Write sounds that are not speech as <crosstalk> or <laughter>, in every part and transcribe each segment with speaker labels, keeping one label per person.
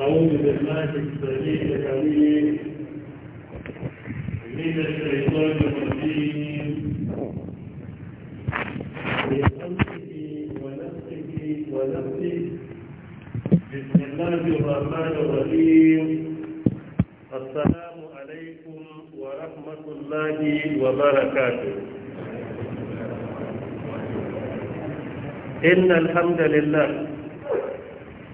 Speaker 1: أعوذ بالله السميع العليم من الشيطان الرجيم من
Speaker 2: أمره ونفسه ونفسه
Speaker 1: بسم الله الرحمن الرحيم
Speaker 2: السلام عليكم ورحمة الله وبركاته إن الحمد لله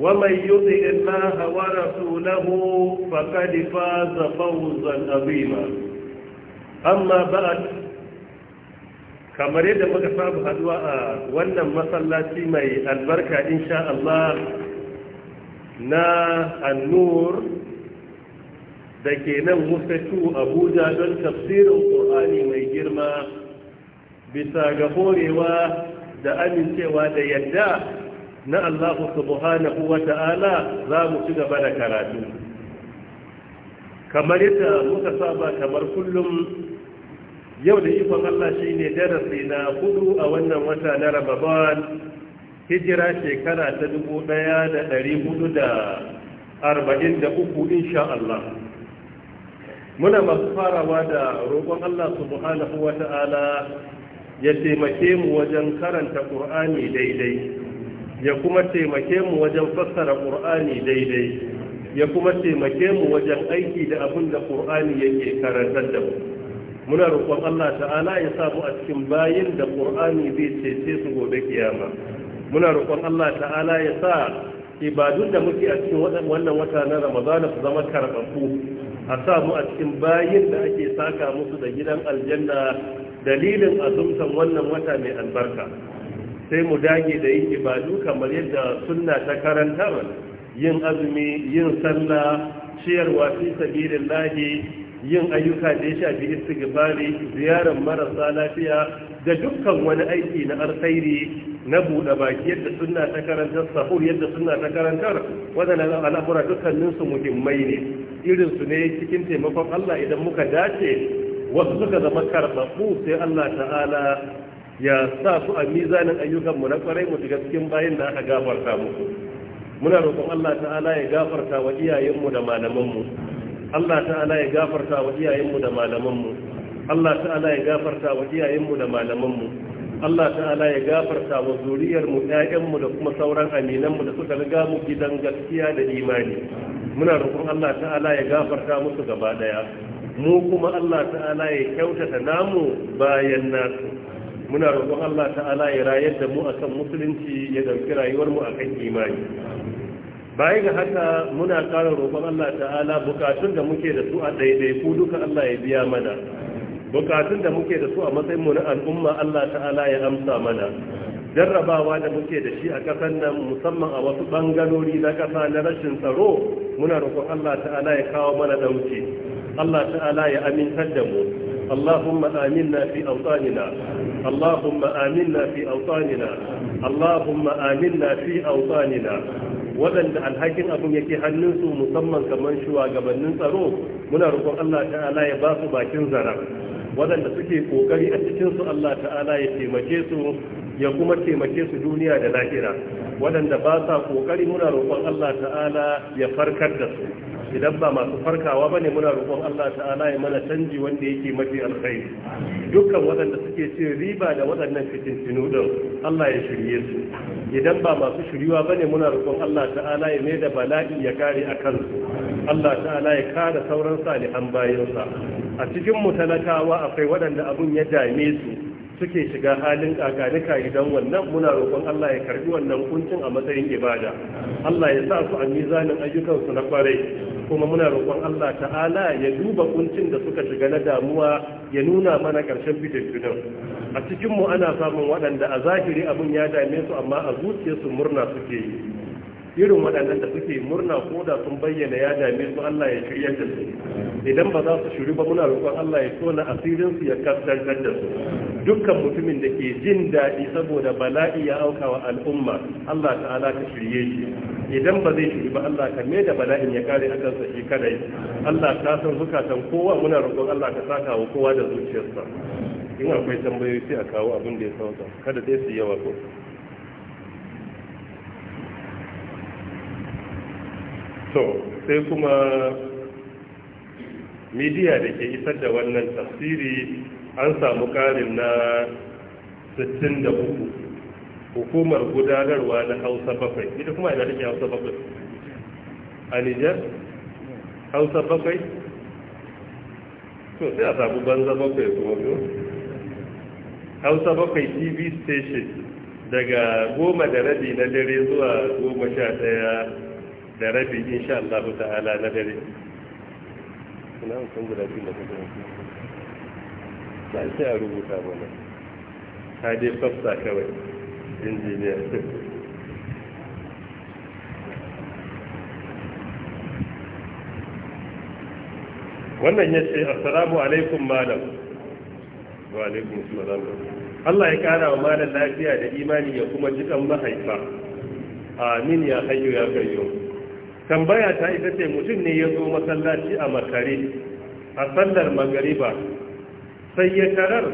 Speaker 2: ومن يطع الله ورسوله فقد فاز فوزا عظيما اما بعد kamar yadda muka samu haduwa a wannan masallaci mai albarka insha Allah na annur da ke nan mufatu abuja don tafsirin ƙur'ani mai girma bisa ga horewa da amincewa da yadda na Allah subhanahu wa ta'ala za mu ci gaba da karatu kamar yadda muka saba kamar kullum yau da ikon Allah shi ne darasi na hudu a wannan wata na Ramadan hijira shekara ta dubu ɗaya da da arba'in da uku insha Allah muna masu farawa da roƙon Allah subhanahu wa ta'ala ya taimake mu wajen karanta ƙur'ani daidai ya kuma taimake mu wajen fassara ƙur'ani daidai ya kuma taimake mu wajen aiki da abin da ƙur'ani yake karantar da mu muna roƙon Allah ta'ala ya sa mu a cikin bayin da ƙur'ani zai cece su gobe kiyama muna roƙon Allah ta'ala ya sa ibadun da muke a cikin wannan wata na Ramadan su zama karɓaɓɓu a sa mu a cikin bayin da ake saka musu da gidan aljanna dalilin azumtan wannan wata mai albarka sai mu dage da yin ibadu kamar yadda sunna ta karantar yin azumi yin sallah ciyarwa fi lahi, yin ayyuka da ya shafi istighfari ziyarar marasa lafiya da dukkan wani aiki na alkhairi na buɗe baki yadda sunna ta karantar sahur yadda sunna ta karantar waɗannan al'amura dukkanin su muhimmai ne irin su ne cikin taimakon Allah idan muka dace wasu suka zama karɓaɓɓu sai Allah ta'ala ya sa su a mizanin ayyukan mu na kwarai mu shiga cikin bayin da aka gafarta muku muna roƙon Allah ta'ala ya gafarta wa iyayen mu da malaman mu Allah ta'ala ya gafarta wa iyayen mu da malaman mu Allah ta'ala ya gafarta wa iyayen mu da malaman mu Allah ta'ala ya gafarta wa zuriyar mu ƴaƴan mu da kuma sauran aminan mu da suka riga mu gidan gaskiya da imani muna roƙon Allah ta'ala ya gafarta musu gaba daya mu kuma Allah ta'ala ya kyautata namu bayan nasu muna roƙon Allah ta'ala ya rayar da mu akan musulunci ya dauki rayuwar mu akan imani bayan ga haka muna ƙara roƙon Allah ta'ala bukatun da muke da su a daidai ku duka Allah ya biya mana bukatun da muke da su a matsayin mu na al'umma Allah ta'ala ya amsa mana jarrabawa da muke da shi a ƙasar nan musamman a wasu bangarori na ƙasa na rashin tsaro muna roƙon Allah ta'ala ya kawo mana ɗauki Allah ta'ala ya amintar da mu اللهم آمنا في أوطاننا اللهم آمنا waɗanda alhakin abin yake hannun su musamman kamar shugabannin tsaro muna roƙon Allah ya ba su bakin zara waɗanda suke ƙoƙari a cikinsu Allah ta'ala ya kuma taimake su duniya da lahira waɗanda ba sa ƙoƙari muna roƙon Allah ta'ala ya farkar da su idan ba masu farkawa ba ne muna roƙon Allah ta'ala ya mana canji wanda yake mafi alkhairi dukkan waɗanda suke ce riba da waɗannan fitintinu din Allah ya shirye su idan ba masu shiryuwa ne muna roƙon Allah ta'ala ya mai da bala'i ya kare a kansu Allah ta'ala ya kare sauran salihan bayansa a cikin mu akwai waɗanda abun ya dame su suke shiga halin kakanika idan wannan muna roƙon Allah ya karbi wannan kuncin a matsayin ibada Allah ya sa su a mizanin ayyukan su na kwarai kuma muna roƙon Allah ta'ala ya duba kuncin da suka shiga na damuwa ya nuna mana ƙarshen fitattunan a cikin mu ana samun waɗanda a zahiri abin ya dame su amma a zuciyarsu murna suke yi irin waɗannan da suke murna ko da sun bayyana ya dame su Allah ya shirya da su idan ba za su shiru ba muna roƙon Allah ya tona asirin su ya kaskantar da su dukkan mutumin da ke jin daɗi saboda bala'i ya auka wa al'umma Allah ta'ala ka shirye shi idan ba zai shiri ba Allah ka mai da bala'in ya kare a kansa shi kadai Allah ta san zukatan kowa muna roƙon Allah ka saka wa kowa da zuciyarsa in akwai tambayoyi sai a kawo abin da ya sauka kada dai su yawa ko to sai kuma midiya da ke isar da wannan tafsiri an samu ƙarin na 63 hukumar gudanarwa na hausa bakwai ita kuma ina take hausa bakwai a nijar hausa bakwai Sosai sai a samu banza bakwai kuma biyu hausa bakwai tv station daga goma da rabi na dare zuwa goma sha daya da rabi insha Allah ta'ala na dare. Ina mutum guda biyu da kuma ba sai a rubuta ta dai kawai wannan ya ce assalamu alaikum malam wa alaikum salam Allah ya kara wa malam lafiya da imani ya kuma jikan mahaifa amin ya hayyu ya kayyo tambaya ta ita ce mutum ne ya zo masallaci a makare a sallar magariba sai ya tarar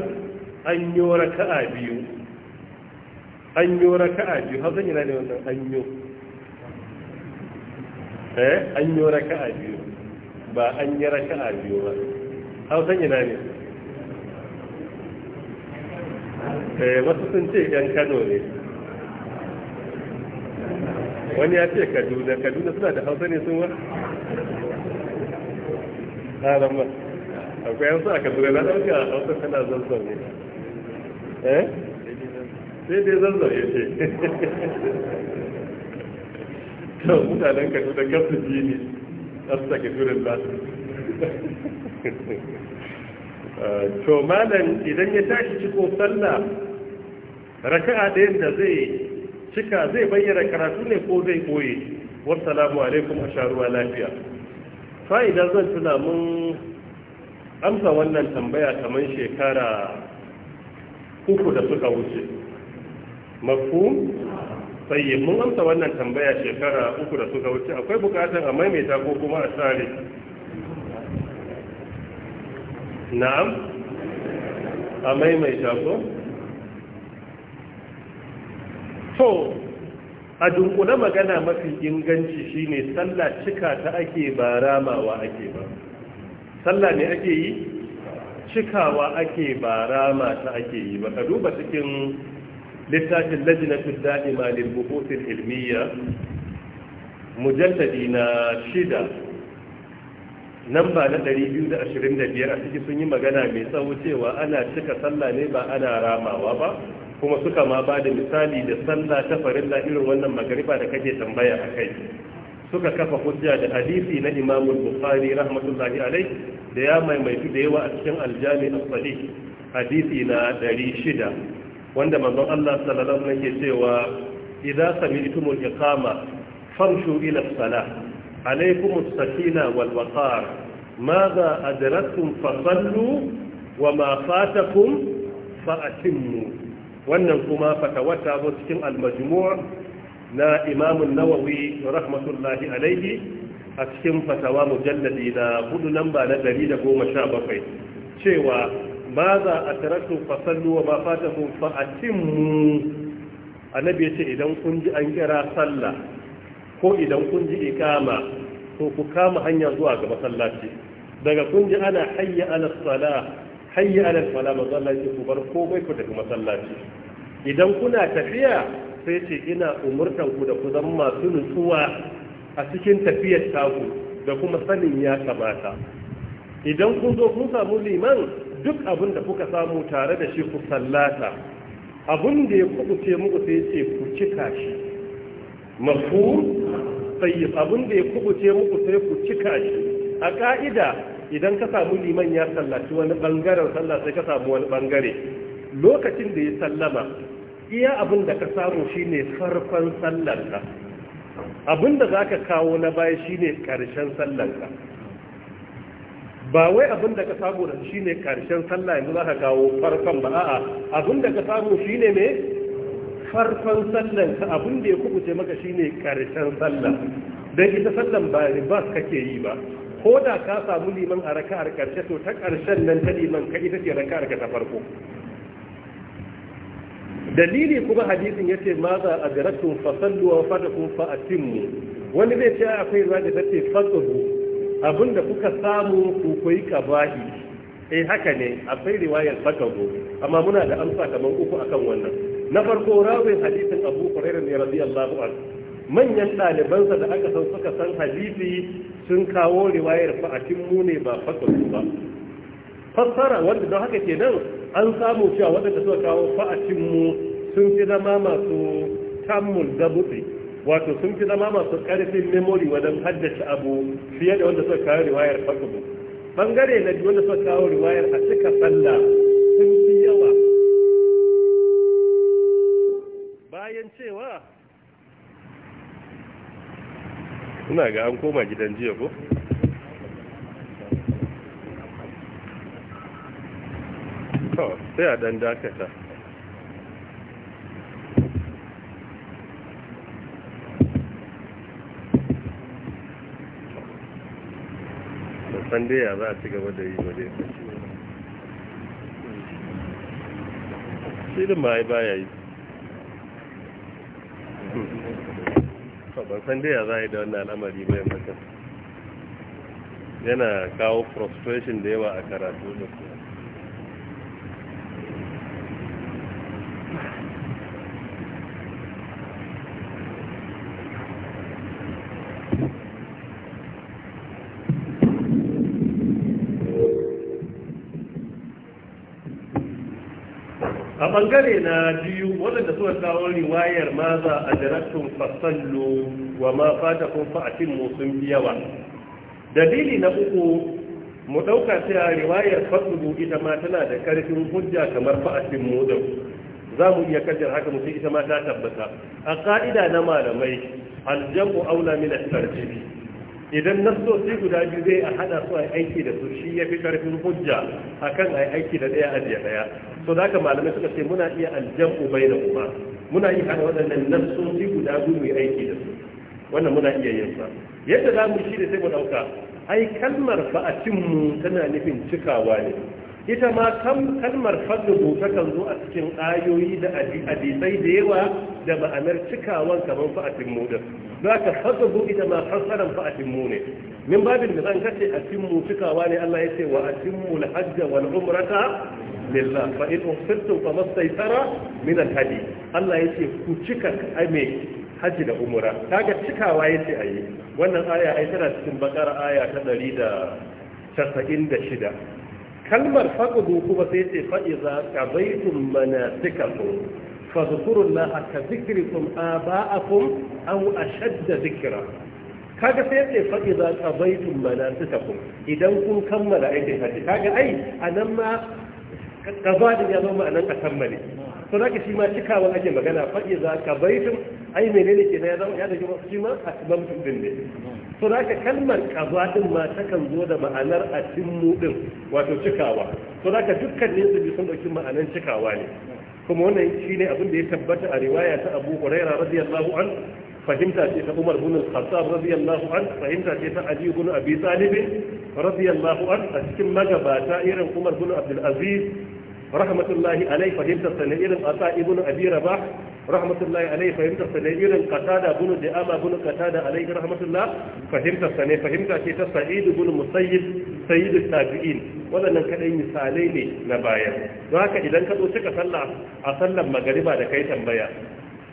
Speaker 2: an yi raka'a biyu an yi raka'a biyu hausa yana ne wannan an yi eh an yi raka'a biyu ba an yi raka'a biyu ba hausa yana ne eh wasu sun ce yan kano ne wani ya ce kaduna kaduna suna da hausa ne sun wa? ƙaran ba akwai yansu a kaduna na ɗauka a wasu tana zanzan ne eh sai dai zanzan ya ce To mutanen kaduna kafin jini a su take turin ba eh, to malam idan ya tashi ciko sallah raka'a ɗayan da zai cika zai bayyana karatu ne ko zai koye wassalamu alaikum a sharuwa lafiya fa'idar zan tuna mun amsa wannan tambaya kamar shekara uku da suka wuce mafu sayi mun amsa wannan tambaya shekara uku da suka wuce akwai bukatar a maimaita ko kuma a tsari na'am a maimaita ko to a dunkule magana mafi inganci shine sallah cika ta ake ba ramawa ake ba sallah ne ake yi cikawa ake ba rama ta ake yi ba ka duba cikin littafin lajinatul da'ima lil buhuthil ilmiya mujalladi na shida namba na 225 a ciki sun yi magana mai tsawo cewa ana cika sallah ne ba ana ramawa ba kuma suka ma ba da misali da sallah ta farin irin wannan magariba da kake tambaya a kai suka kafa hujja da hadisi na Imam Bukhari rahmatullahi alai da ya maimaitu da yawa a cikin aljami as-sahih hadisi na 600 wanda manzon Allah sallallahu alaihi wasallam cewa idza sami'tumul iqama famshu ila as-salah alaykum as-sakina wal waqar madha adraktum fasallu wa ma fatakum fa'atimmu wannan kuma fatawata cikin al-majmu' na imamun nawawi rahmatullahi alaihi a cikin fatawa mujalladi na hudu ba na 117 cewa ba za a tarasu fasallu wa ma fatakum fa mu. annabi ce idan kun ji an kira sallah ko idan kun ji ikama to ku kama hanya zuwa ga masallaci daga kun ji ana hayya ala sala hayya ala sala masallaci ku bar komai ku tafi masallaci idan kuna tafiya sai ce ina umurtan da ku zama masu nutsuwa a cikin tafiyar taku da kuma sanin ya kamata idan kun zo kun samu liman duk abin da kuka samu tare da shi ku sallata abin da ya kubuce muku sai ce ku cika shi mafu sayi abin da ya kubuce muku sai ku cika shi a ka'ida idan ka samu liman ya sallaci wani bangaren sallah sai ka samu wani bangare lokacin da ya sallama iya abin da ka samu shine farfan sallanka abin da za ka kawo na baya shine karshen sallanka ba wai abin da ka samu da shine karshen sallah yanzu za ka kawo farkon ba a'a abin da ka samu shine ne farkon sallan ka abin da ya kubuce maka shine karshen sallah don ita sallan ba ribas kake yi ba ko da ka samu liman a raka'ar karshe to ta karshen nan ta liman ka ita ce raka'ar ka ta farko dalili kuma hadisin yace ma za a garatun fasallu wa fadakum fa atimmu wani zai ce akwai ruwa da tace fasuhu abinda kuka samu ku koyi kabahi eh haka ne akwai riwayar fasuhu amma muna da amsa kaman uku akan wannan na farko rawin hadisin Abu Hurairah ne radiyallahu anhu manyan ɗalibansa da aka san suka san hadisi sun kawo riwayar fa atimmu ne ba fasuhu ba fassara wanda don haka ke nan. an samu cewa waɗanda suka kawo fa'acinmu sun fi zama masu da gabutse wato sun fi zama masu ƙarfin memori wajen haddace abu fiye da wanda suka kawo riwayar fakubu bangare na biyu wanda suka kawo riwayar a cika sallah sun fi yawa bayan cewa ina ga an koma gidan jiya ko sai a ɗan dakata san dai ya za a ci gaba da yi ba dai kashi shi ba ya baya yi ban san ya za a yi da wannan al'amari mai makan yana kawo frustration da yawa a karatu da kuma bangare na biyu waɗanda suka kawo riwayar ma a jarattun fasallu wa ma fata kun fa'atin sun dalili na uku mu ɗauka cewa riwayar fasulu ita ma tana da ƙarfin hujja kamar fa'atin mu za mu iya kaddar haka mu ita ma ta tabbata a ka'ida na malamai aljamu aula min al-tarjibi idan nassosi guda biyu zai a hada su a aiki da su shi ya fi karfin hujja akan a aiki da daya ajiye daya so ka malamai suka ce muna iya aljam'u bai da kuma muna iya hada waɗannan nassosi guda biyu mai aiki da su wannan muna iya yin sa yadda za mu shi da sai mu ɗauka ai kalmar ba mu tana nufin cikawa ne ita ma kalmar fadlubu takan zo a cikin ayoyi da adisai da yawa da ma'anar cikawan kamar fa'atin mu da za ka fadlubu ita ma fassaran fa'atin mu ne min babin da zan kace mu cikawa ne Allah ya ce wa atimmu al-hajja wal umrata lillah fa in usirtum fa mastaysara min al-hadi Allah ya ce ku cika me haji da umra kaga cikawa yace ayi wannan aya ai tana cikin bakara aya ta 196 kalmar faƙudu kuma sai ce fa'iza ƙazaitun manasikakum na a ka a ba zikrikum aba'akum a ashadda zikra kaga sai ce fa'iza mana ƙazaitun manasikakum idan kun kammala aikin haji kaga ai nan ma kazalim ya zama ma'anan a kammale to zaka shi ma cikawa ake magana faɗi za ka baitin ai menene ke ya zama ya da kuma shi ma a mamtum din ne to zaka kalmar kazalim ma takan zo da ma'anar a timmu din wato cikawa to zaka dukkan ne su sun ɗauki ma'anan cikawa ne kuma wannan shi ne abin da ya tabbata a riwaya ta Abu Hurairah radiyallahu an fahimta ce ta Umar bin Al-Khattab radiyallahu an fahimta ce ta Ali bin Abi Talib radiyallahu an a cikin magabata irin Umar bin Abdul Aziz rahmatullahi alaihi fahimtar sa ne irin asa ibn abi rabah rahmatullahi alaihi fahimtar sa ne irin qatada ibn di'ama ibn qatada alaihi rahmatullah fahimtar sa ne fahimta ce ta sa'id ibn musayyib sayyid tabi'in wadannan kadai misalai ne na baya don haka idan ka zo cika sallah a sallar magariba da kai tambaya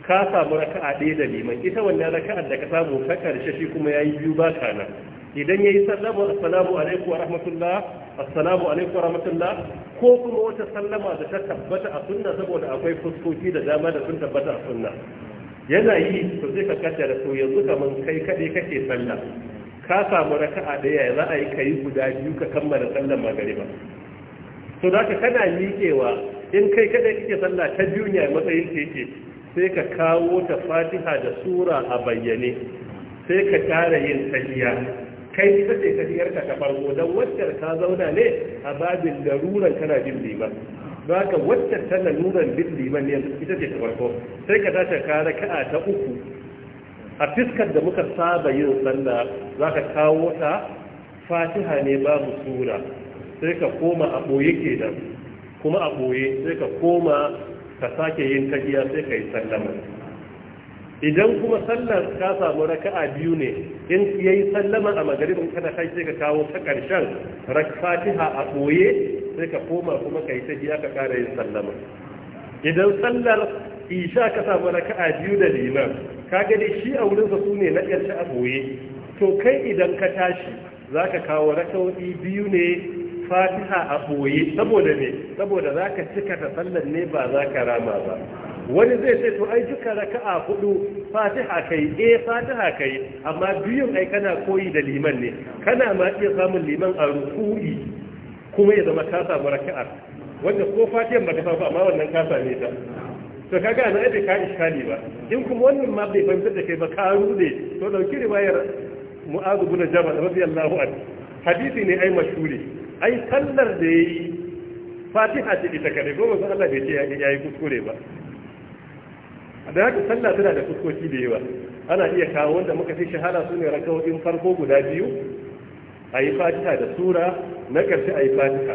Speaker 2: ka samu raka'a ɗaya da liman ita wannan raka'ar da ka samu ta karshe shi kuma yayi biyu ba kana idan yayi sallama assalamu alaikum wa rahmatullah assalamu alaikum wa rahmatullah ko kuma wata sallama da ta tabbata a sunna saboda akwai fuskoki da dama da sun tabbata a sunna yana yi to zai ka kace da to yanzu kaman kai kaɗai kake sallah ka samu raka'a ɗaya za a yi ka guda biyu ka kammala sallar magariba to da ka kana miƙewa in kai kaɗai kake sallah ta biyu ne a matsayin teke sai ka kawo ta fatiha da sura a bayyane sai ka tara yin tsaliya. kai ita ce tafiyarka ta farko don waccar ka zauna ne a babin laruran kana jin liman ba ka waccar ta laruran bin liman ne ita ce ta farko sai ka tashi ka raka'a ta uku a fiskar da muka saba yin sallah za ka kawo ta fatiha ne babu sura sai ka koma a ɓoye kenan kuma a ɓoye sai ka koma ka sake yin tafiya sai ka yi sallama idan kuma sallar ka samu raka'a biyu ne in yayi sallama a magaribin kada kai sai ka kawo ta karshen fatiha a boye sai ka koma kuma kai ta ka kara yin sallama idan sallar isha ka samu raka'a biyu da liman ka ga dai shi a wurin sa sune na karshe a boye to kai idan ka tashi zaka kawo raka'o'i biyu ne fatiha a ɓoye saboda ne saboda za ka cika ta sallar ne ba za ka rama ba wani zai ce to ai duka a hudu fatiha kai eh fatiha kai amma biyun ai kana koyi da liman ne kana ma iya samun liman a ruku'i kuma ya zama ka samu raka'a wanda ko fatihan ba ta samu amma wannan ka same ta to kaga ana ai ka iskali ba in kuma wannan ma bai fahimtar da kai ba ka rude to dauki riwayar mu'adh bin jabal radiyallahu anhu hadisi ne ai mashhuri ai sallar da yayi fatiha ce ita kare gobe sun Allah bai ce ya yi kuskure ba da haka sallah tana da kuskoki da yawa ana iya kawo wanda muka fi shahara su ne rakawoyin farko guda biyu a yi fatiha da sura na karshe a yi fatiha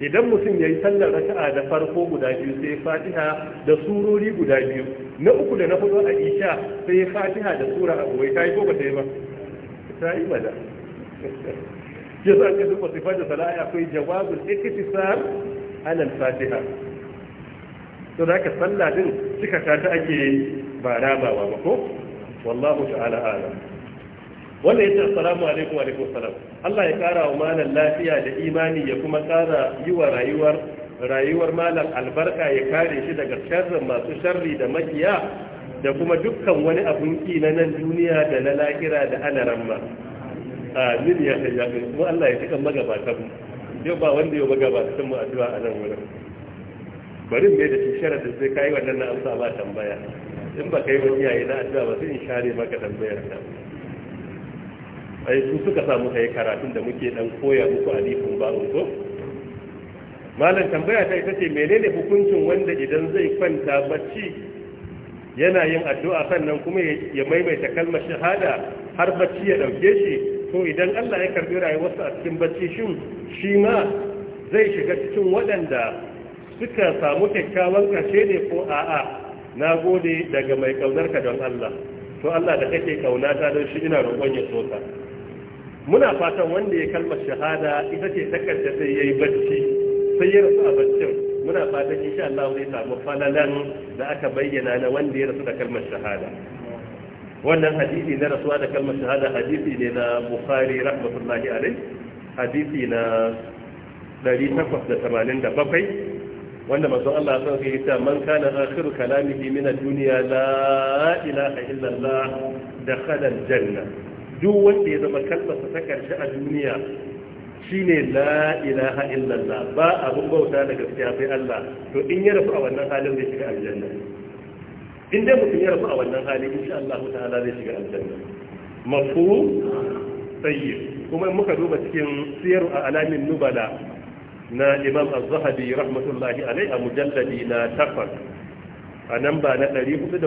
Speaker 2: idan mutum ya yi sallar raka'a da farko guda biyu sai fatiha da surori guda biyu na uku da na hudu a isha sai fatiha da sura a gobe ta yi ko ba ta yi ba ta yi ba da <laughs> shi yasa ake duba sifar da sana'a akwai jawabul iktisar ala al-fatiha to da ka sallah din cika ta ta ake ba rabawa ba ko wallahu ta'ala ala. wanda yace assalamu alaikum wa alaikum salam Allah ya kara wa malan lafiya da imani ya kuma kara yi wa rayuwar rayuwar malan albarka ya kare shi daga sharrin masu sharri da makiya da kuma dukkan wani abun ki na nan duniya da na lahira da ana ramma. amin ya kai ya kai kuma Allah ya cikin magabatan mu yau ba wanda yau magabatan mu a addu'a a nan wurin Barin mai da shi da zai kai wannan na amsa ba tambaya in ba kai wani yayi na addu'a ba sai in share maka tambayar ka ai su suka samu kai karatun da muke dan koya muku alifin ba ko malam tambaya ta ita ce menene hukuncin wanda idan zai kwanta bacci yana yin addu'a sannan kuma ya maimaita kalmar shahada har bacci ya ɗauke shi to idan Allah ya karbi rayuwarsa a cikin bacci shin shi ma zai shiga cikin waɗanda suka samu kyakkyawan kashe ne ko a'a na gode daga mai kaunarka don Allah to Allah da kake ta don shi ina roƙon ya so ka muna fatan wanda ya kalma shahada ita ce takarda sai yayi bacci sai ya rasu a baccin muna fatan insha Allah zai samu falalan da aka bayyana na wanda ya rasu da kalmar shahada wannan hadisi na rasuwa da kalmar shahada hadisi ne na bukhari rahmatullahi alai hadisi na 887 wanda masu Allah sun fi ta man kana akhiru kalamihi min ad-dunya la ilaha illa Allah dakhala al-janna duk wanda ya zama kalmar sa ta karshe a duniya shine la ilaha illa Allah ba abun bauta da gaskiya sai Allah to in ya rasu a wannan halin zai shiga aljanna in dai mutum ya rasu a wannan hali insha Allah ta'ala zai shiga aljanna mafu tsaye kuma muka duba cikin siyar a alamin nubala na imam az-zahabi rahmatullahi alai a mujalladi na takwas a nan ba na 418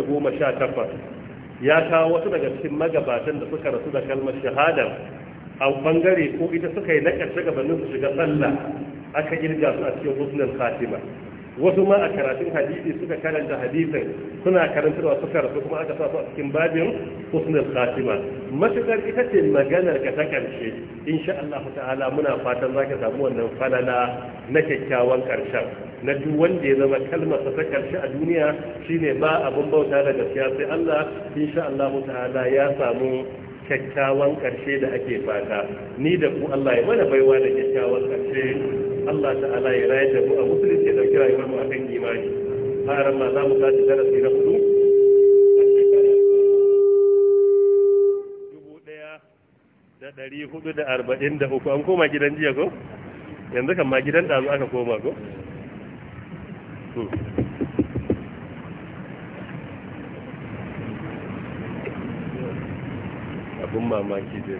Speaker 2: ya kawo wasu daga cikin magabatan da suka rasu da kalmar shahada a bangare ko ita suka yi na ƙarshe gabanin su shiga sallah aka kirga su a cikin husnul khatima wasu ma a karatun hadisi suka karanta hadisin suna karantar suka rasu kuma aka sa su a cikin babin husnul khatima matukar ita ce maganar ka ta karshe insha Allah ta'ala muna fatan zaka samu wannan falala na kyakkyawan karshen na duk wanda ya zama kalmar ta karshe a duniya shine ba abun bauta da gaskiya sai Allah insha Allah ta'ala ya samu kyakkyawan karshe da ake fata ni da ku Allah ya mana baiwa da kyakkyawan karshe Allah ta'ala ya rayar da mu a musulunci ya dauki rayuwar mu akan imani haram ma za mu tashi darasi na hudu dubu daya da dari hudu da arba'in da uku an koma gidan jiya ko yanzu kan ma gidan ɗazu aka koma ko hmm. abin mamaki da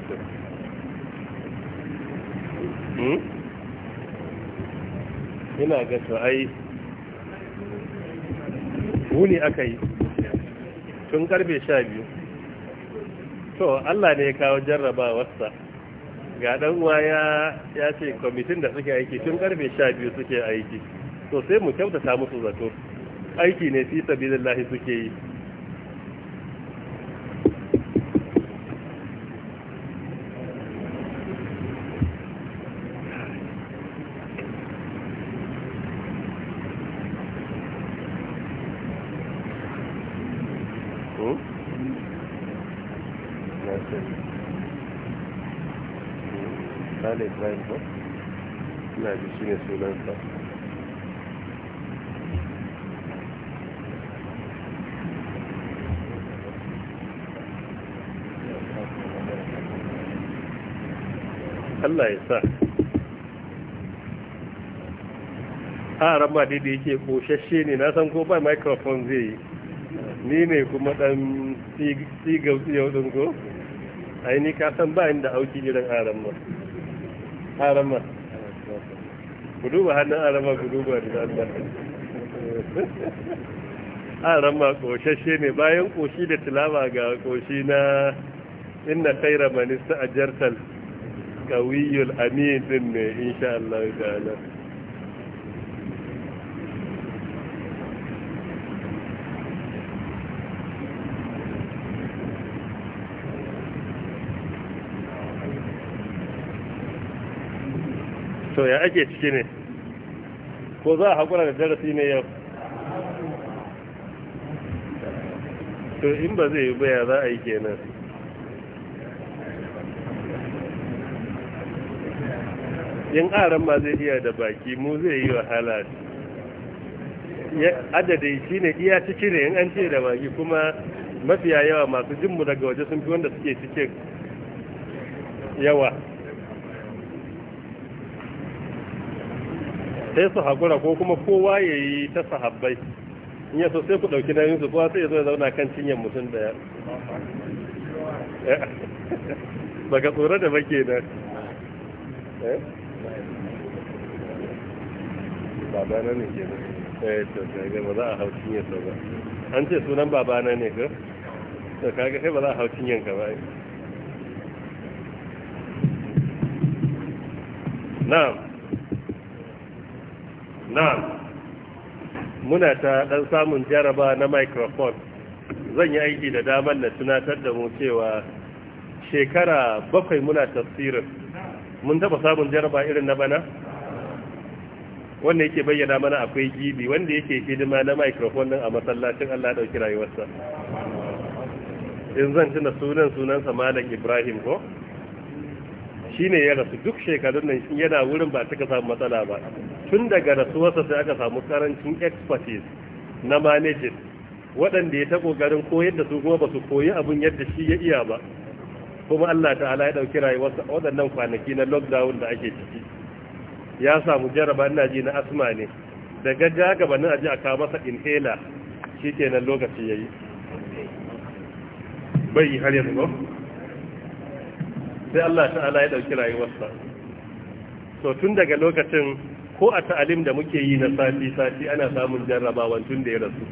Speaker 2: ina ga to ai wuni aka yi tun karfe sha biyu to Allah ne ya kawo jarrabawarsa ga dan uwa ya ce kwamitin da suke aiki tun karfe sha biyu suke aiki to sai mu kyautata musu zato aiki ne fi sabilillahi suke yi
Speaker 1: ibrahim ba ina ji
Speaker 2: shi Allah ya sa a ramma da yake koshashe ne na san ko ba microphone zai yi ni ne kuma dan siga yau ko aini ka san ba inda auki irin a ramma harama ku duba hannun harama ku duba da Allah harama ƙoshashe ne bayan ƙoshi da tilaba ga ƙoshi na inna khaira man ista'jartal qawiyul amin din ne insha Allah ya ta'ala to ya ake ciki ne ko za a haƙura da darasi ne yau to in ba zai yi baya za a yi kenan in aran ma zai iya da baki mu zai yi wahala adadai shi ne iya ciki ne in an ce da baki kuma mafiya yawa masu jinmu daga waje sun fi wanda suke cikin yawa sai su haƙura ko kuma kowa ya yi ta sahabbai in ya so sai ku ɗauki nauyin su kowa sai ya zo ya zauna kan cinyar mutum daya <laughs> baka tsoro da bake da eh? babana ne ke eh ta ga ba za a hau cinyar sa ba an ce sunan babana ne ka da kaga kai ba za a hau cinyar ka ba na'am Na, muna ta dan samun jaraba na microphone zan yi aiki da damar na tunatar da mu cewa shekara bakwai muna tafsirin mun taba samun jaraba irin na bana wanda yake bayyana mana akwai gibi wanda yake hidima na microphone din a masallacin Allah dauki rayuwarsa in zan tuna sunan sunansa malam Ibrahim ko Shi ne ya rasu duk shekarun nan yana wurin ba ta samu matsala ba tun daga rasuwarsa sai aka samu karancin expertise na managing waɗanda ya ta ƙoƙarin koyar da su kuma ba su koyi abin yadda shi ya iya ba kuma Allah ta'ala ya ɗauki rayuwarsa waɗannan kwanaki na lockdown da ake ciki ya samu jaraba ina ji na asma ne da gaba gabanin aji a kawo masa inhaler shi nan lokaci ya yi bai har yanzu ba sai Allah ta'ala ya ɗauki rayuwarsa so tun daga lokacin ko a ta'alim da muke yi na sati-sati ana samun jarrabawan tun da ya rasu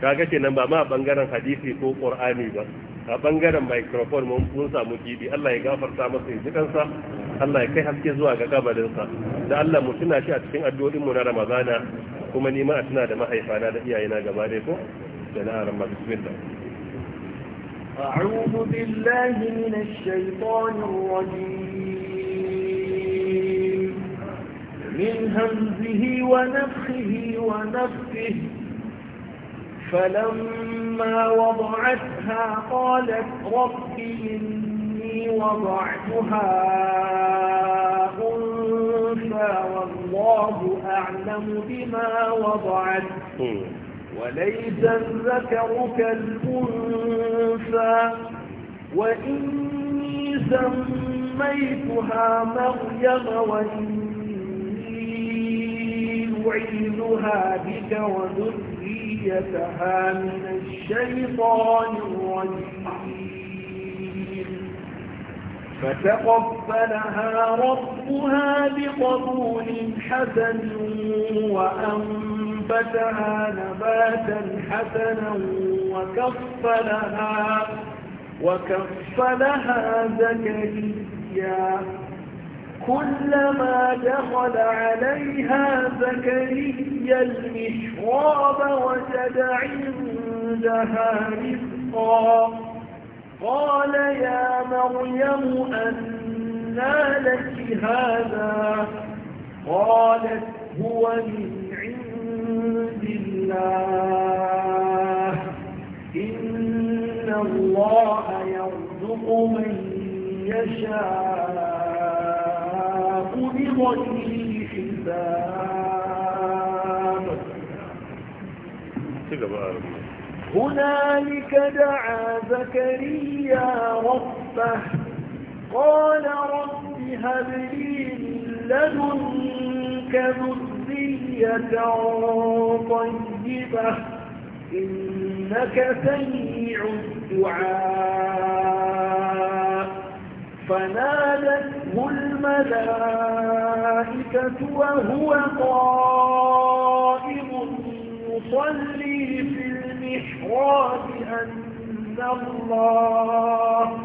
Speaker 2: kaga kenan ba ma a bangaren hadisi ko qur'ani ba a bangaren microphone mun mun samu kibi Allah ya gafarta masa in kansa Allah ya kai haske zuwa ga kabarin sa da Allah mu tuna shi a cikin addu'o'in mu na Ramadana kuma ni ma a tuna da mahaifana da iyayena gaba da ko da na ramba da
Speaker 3: أعوذ بالله من الشيطان الرجيم من همزه ونفخه ونفخه فلما وضعتها قالت رب إني وضعتها أنثى والله أعلم بما وضعت وليس الذكر كالأنثى وإني سميتها مريم وإني يعينها بك وذريتها من الشيطان الرجيم فتقبلها ربها بقبول حسن وأنبتها نباتا حسنا وكفلها وكفلها زكريا كلما دخل عليها زكريا المشراب وجد عندها رزقا قال يا مريم أنى لك هذا قالت هو من عند الله إن الله يرزق من يشاء بغير حساب هنالك دعا زكريا ربه قال رب هب لي من لدنك ذرية طيبة إنك سميع الدعاء فنادته الملائكة وهو قائم يصلي في المحراب أن الله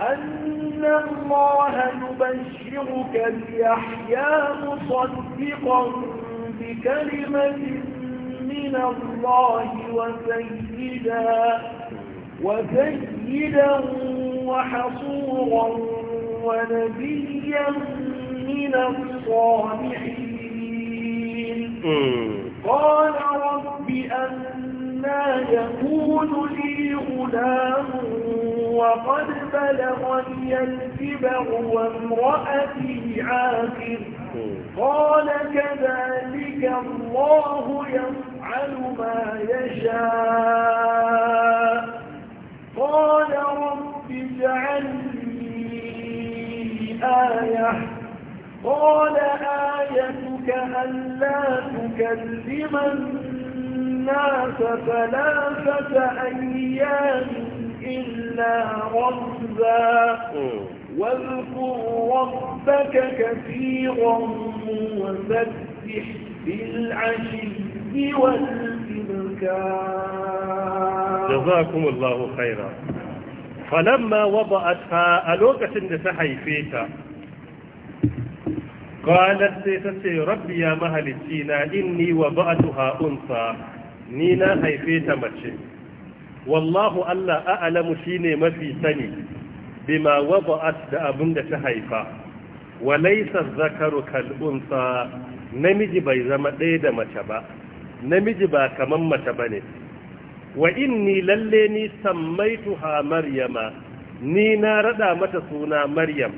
Speaker 3: أن الله يبشرك بيحيى مصدقا بكلمة من الله وسيدا وسيدا وحصورا ونبيا من الصالحين قال رب أنا يكون لي غلام وقد بلغني الكبر وامرأتي عاقر قال كذلك الله يفعل ما يشاء قال رب اجعل لي آية قال آيتك ألا تكلم الناس ثلاثة أيام إلا رمزا واذكر ربك كثيرا وسبح بالعشي الجد والإذكار
Speaker 2: جزاكم الله خيرا فلما وضعتها ألوكة لسحي فيتا قالت سيتسي ربي يا مهلتينا إني وضعتها أنثى نينا هيفيتا متشي والله ألا أعلم شيني ما في سني بما وضعت دأبند تهيفا وليس الذكر كالأنثى namiji bai zama ɗaya da mace ba namiji ba kaman mace bane wa inni lalle ni ha maryama ni na rada mata suna maryam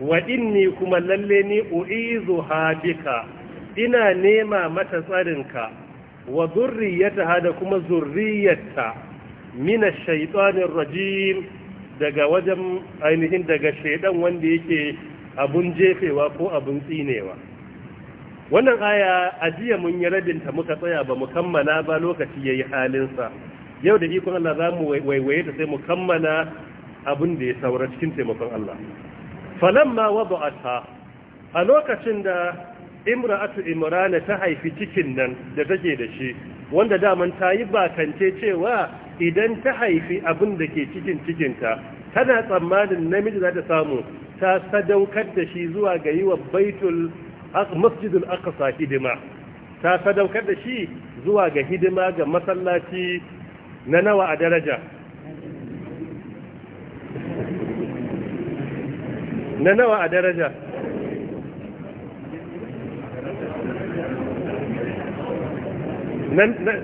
Speaker 2: wa inni kuma lalle ni ha bika ina nema mata tsarinka wa zurriyataha da kuma zurriyatta mina ash-shaytanir rajim daga wajen ainihin daga shaidan wanda yake abun jefewa ko abun tsinewa wannan aya a jiya mun yi rabinta muka tsaya ba mu kammala ba lokaci ya yi halinsa yau da ikon Allah za mu waiwaye ta sai mu kammala abin da ya saura cikin taimakon Allah falamma wada'ata a lokacin da imra'atu imrana ta haifi cikin nan da take da shi wanda daman ta yi bakance cewa idan ta haifi abin da ke cikin cikinta tana tsammanin namiji za ta samu ta sadaukar da shi zuwa ga yi wa baitul masjidul aqsa hidima ta sadaukar da shi zuwa ga hidima ga masallaci na nawa a daraja na nawa a daraja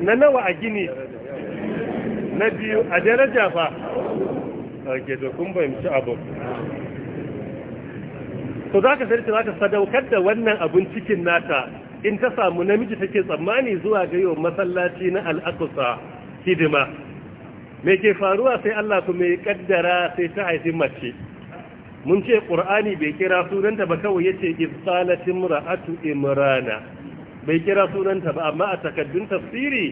Speaker 2: na nawa a gini na biyu a daraja fa a da kun fahimci abu to za ka sarki za ka sadaukar da wannan abin cikin nata in ta samu namiji take tsammani zuwa ga yau masallaci na al'akusa hidima me ke faruwa sai Allah kuma ya kaddara sai ta haifi mace mun ce ƙur'ani bai kira sunanta ba kawai yace ibsalatim ra'atu imrana bai kira sunanta ba amma a takaddun tafsiri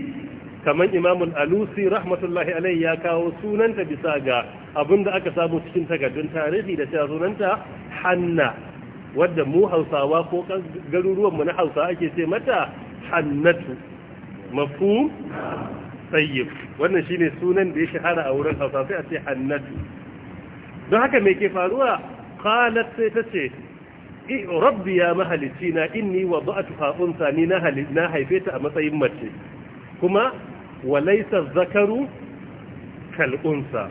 Speaker 2: kamar imamul alusi rahmatullahi alaihi ya kawo sunanta bisa ga abin da aka samu cikin takardun tarihi da cewa sunanta hanna wadda mu hausawa ko mu na hausa ake ce mata hannatu Mafu, tsayyib wannan shine sunan da ya shahara a wurin hausa sai a ce hannatu don haka me ke faruwa qalat sai ta ce rabbi ya mahalicci na inni wa ba'atu tufafin ni na haife ta a matsayin mace kuma walaisa zakaru kal'unsa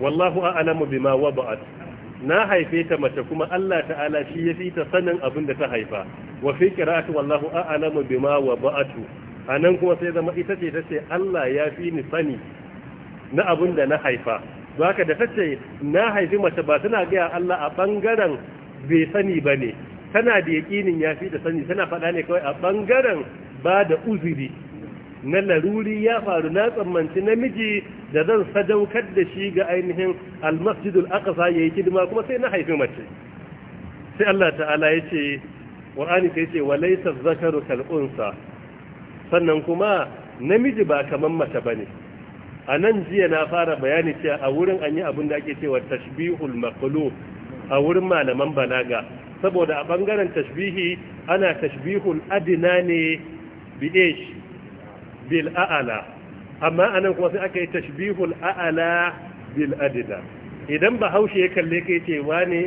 Speaker 2: wallahu a'lamu bima na haife ta mace kuma Allah ta'ala shi ya fi ta sanin abin da ta haifa wa fi qira'atu wallahu bima anan kuma sai zama ita ce tace Allah ya fi ni sani na abin da na haifa haka da tace na haifi mace ba tana ga Allah a bangaren bai sani bane tana da yakinin ya fi da sani tana faɗa ne kawai a bangaren ba da uzuri na laruri ya faru na tsammanci namiji da zan sadaukar da shi ga ainihin almasjidul aqsa yayi hidima kuma sai na haifi mace sai Allah ta'ala ya ce Qur'ani sai ce walaysa zakaru kal unsa sannan kuma namiji ba kaman mace bane anan jiya na fara bayani cewa a wurin an yi abin da ake cewa tashbihul maqlub a wurin malaman balaga saboda a bangaren tashbihi ana tashbihul adina ne bi bil a'ala amma anan kuma sai aka yi tashbihul a'ala bil adida idan bahaushe ya kalle kai ce wane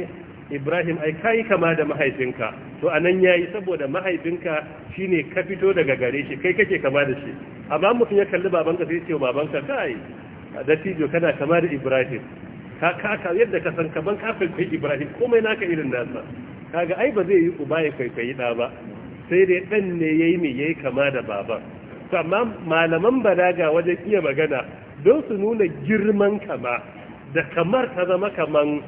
Speaker 2: ibrahim ai kai kama da mahaifinka to anan yayi saboda mahaifinka shine ka fito daga gare shi kai kake kama da shi amma mutum ya kalli babanka sai ya ce babanka kai dattijo kana kama da ibrahim ka ka yadda ka san kaman kafin kai ibrahim komai naka irin nasa kaga ai ba zai yi uba ya kwaikwayi da ba sai dai dan ne yayi me yayi kama da baban to amma malaman balaga wajen iya magana don su nuna girman kama da kamar ta zama kaman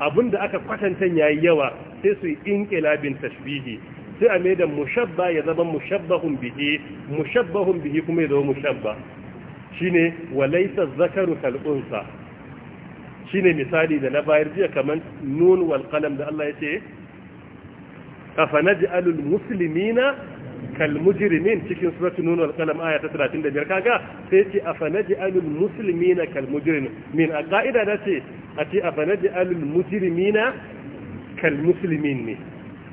Speaker 2: abin da aka kwatanta yi yawa sai su yi inqilabin tashbihi sai a maida mushabba ya zama mushabbahun bihi mushabbahun bihi kuma ya zama mushabba Shi shine walaisa zakaru kal shi ne misali da na bayar jiya kaman nun wal da Allah ya ce yace alul musulmina. kalmujrimin cikin suratu nun wal qalam aya ta 35 kaga sai ce alul muslimina kalmujrimin min a ka'ida da ce a ce afanaj'alul mujrimina kalmuslimin ne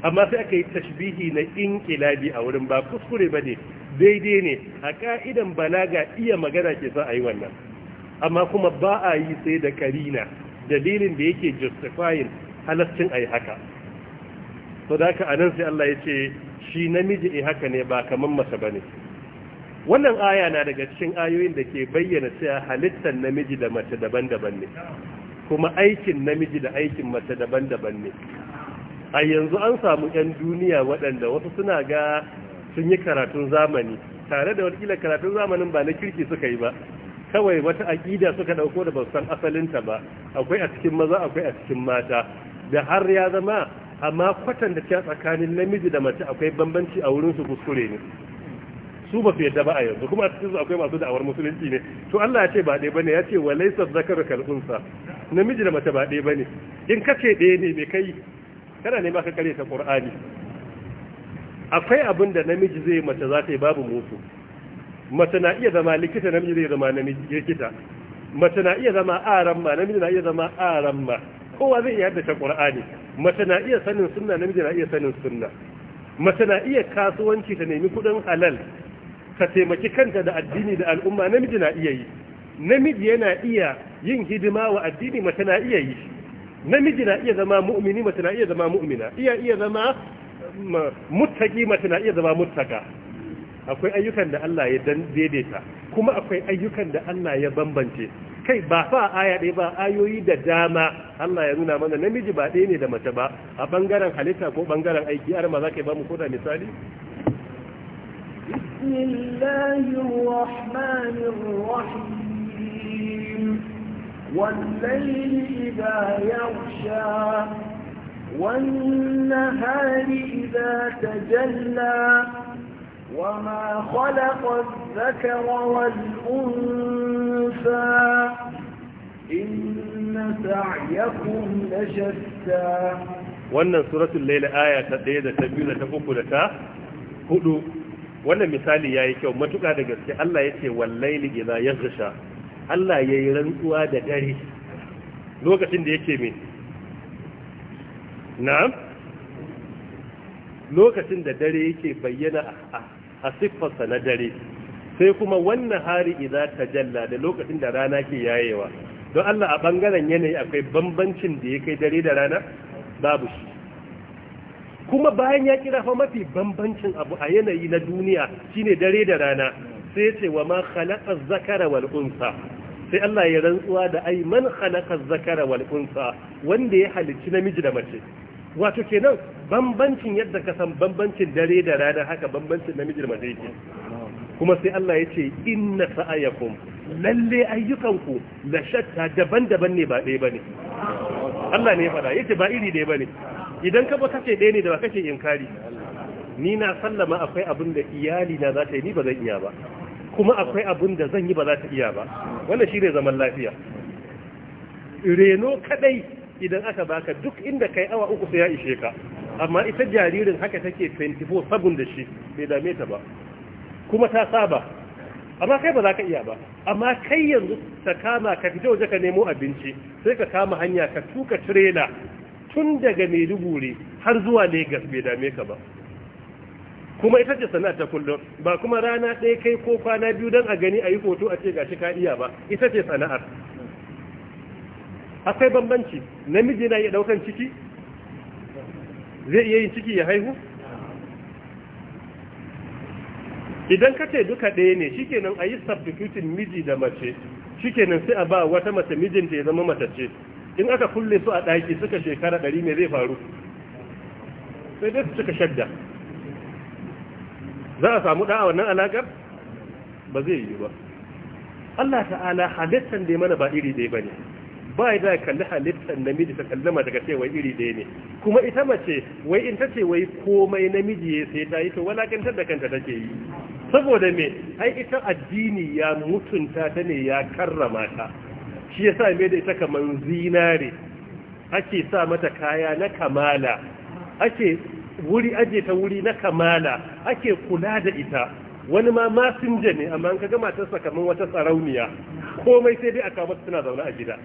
Speaker 2: amma sai aka yi tashbihi na inkilabi a wurin ba kuskure ba ne daidai ne a ka'idan balaga iya magana ke sa a yi wannan amma kuma ba a yi sai da karina dalilin da yake justifying halascin a yi haka so da haka a nan sai Allah ya ce shi namiji eh haka ne ba kaman mace bane wannan aya na daga cikin ayoyin da ke bayyana cewa halittar namiji da mace daban-daban ne kuma aikin namiji da aikin mace daban-daban ne a yanzu an samu 'yan duniya waɗanda wasu suna ga sun yi karatun zamani tare da watakila karatun zamanin ba na kirki suka yi ba kawai wata aƙida suka ɗauko da san asalinta ba akwai a cikin maza akwai a cikin mata da har ya zama amma kwatan da cewa tsakanin namiji da mace akwai bambanci a wurin su kuskure ne su ba su yadda ba a yanzu kuma a cikin su akwai masu da'awar musulunci ne to Allah ya ce ba ɗaya bane ya ce wa laysa zakaru kal unsa namiji da mace ba ɗaya bane in kace ɗaya ne me kai kana ne ma ka kare ta Qur'ani akwai abin da namiji zai mace za ta yi babu musu mace na iya zama likita namiji zai zama namiji likita mace na iya zama aran ma namiji na iya zama aran ma kowa zai iya ta Qur'ani mace na iya sanin sunna namiji na iya sanin sunna mace na iya kasuwanci ta nemi kudin halal ta taimaki kanta da addini da al'umma namiji na iya yi namiji yana iya yin hidima wa addini mace na iya yi namiji na iya zama mu'mini mace na iya zama mu'mina iya iya zama muttaki mace na iya zama muttaka akwai ayyukan da Allah ya daidaita kuma akwai ayyukan da Allah ya bambance kai ba fa aya ɗaya ba ayoyi da dama Allah ya nuna mana namiji ba ɗaya ne da mace ba a ɓangaren halitta ko ɓangaren aiki arma za ka ba mu koda misali
Speaker 3: بسم الله الرحمن ta والليل إذا يغشى والنهار إذا تجلى وما خلق الذكر والأنفى إن سعيكم لشتى
Speaker 2: wannan suratul laila aya ta 1 da ta 2 da ta 3 da ta 4 wannan misali yayi kyau matuka da gaske Allah yace wallaili ya yaghsha Allah yayi rantsuwa da dare lokacin da yake me na'am lokacin da dare yake bayyana a siffarsa na dare sai kuma wannan hari idza tajalla da lokacin da rana ke yayewa don Allah a bangaren yanayi akwai bambancin da ya kai dare da rana babu shi kuma bayan ya kira fa mafi bambancin abu a yanayi na duniya shine dare da rana sai ya ce wa ma khalaqa zakara wal unsa sai Allah ya rantsuwa da ai man khalaqa zakara wal unsa wanda ya halicci namiji da mace wato kenan bambancin yadda ka san bambancin dare da rana haka bambancin namijin mace yake kuma sai Allah ya ce inna sa'ayakum lalle ayyukanku la shatta daban-daban ne ba ɗaya bane
Speaker 1: Allah ne ya faɗa yace
Speaker 2: ba iri ɗaya bane idan ka ba kace ɗaya ne da ba kace inkari ni na sallama akwai abin da iyali na za ta yi ni ba zan iya ba kuma akwai abin da zan yi ba za ta iya ba wannan shine zaman lafiya reno kadai idan aka baka duk inda kai awa uku sai ya ishe ka amma ita jaririn haka take 24 sabon da shi bai dame ta ba kuma ta saba amma kai ba za ka iya ba amma kai yanzu ta kama ka fito waje ka nemo abinci sai ka kama hanya ka tuka tirela tun daga maiduguri har zuwa Legas bai dame ka ba kuma ita ce sana'a ta kullum ba kuma rana ɗaya kai ko kwana biyu don a gani a yi hoto a ce gashi ka iya ba ita ce sana'ar akwai bambanci namiji na iya ɗaukan ciki zai iya yin ciki ya haihu idan ka ce duka ɗaya ne shi kenan a yi substitutin miji da mace shi kenan sai a ba wata mace mijinta ya zama matace in aka kulle su a ɗaki suka shekara ɗari mai zai faru sai dai su cika shadda za a samu ɗa a wannan alaƙar ba zai yi ba Allah ta'ala halittar da mana ba iri ɗaya ba ne ba ya da kalli halittar namiji ta kallama daga cewa iri ɗaya ne kuma ita mace wai in ta ce wai komai namiji ya sai ta yi to walakantar da kanta take yi saboda me ai ita addini ya mutunta ta ne ya karrama ta shi yasa me da ita zinari, zinare ake sa mata kaya na kamala ake wuri aje ta wuri na kamala ake kula da ita wani ma masinja ne amma an ka gama ta kamar wata sarauniya komai sai dai a mata suna zaune a gida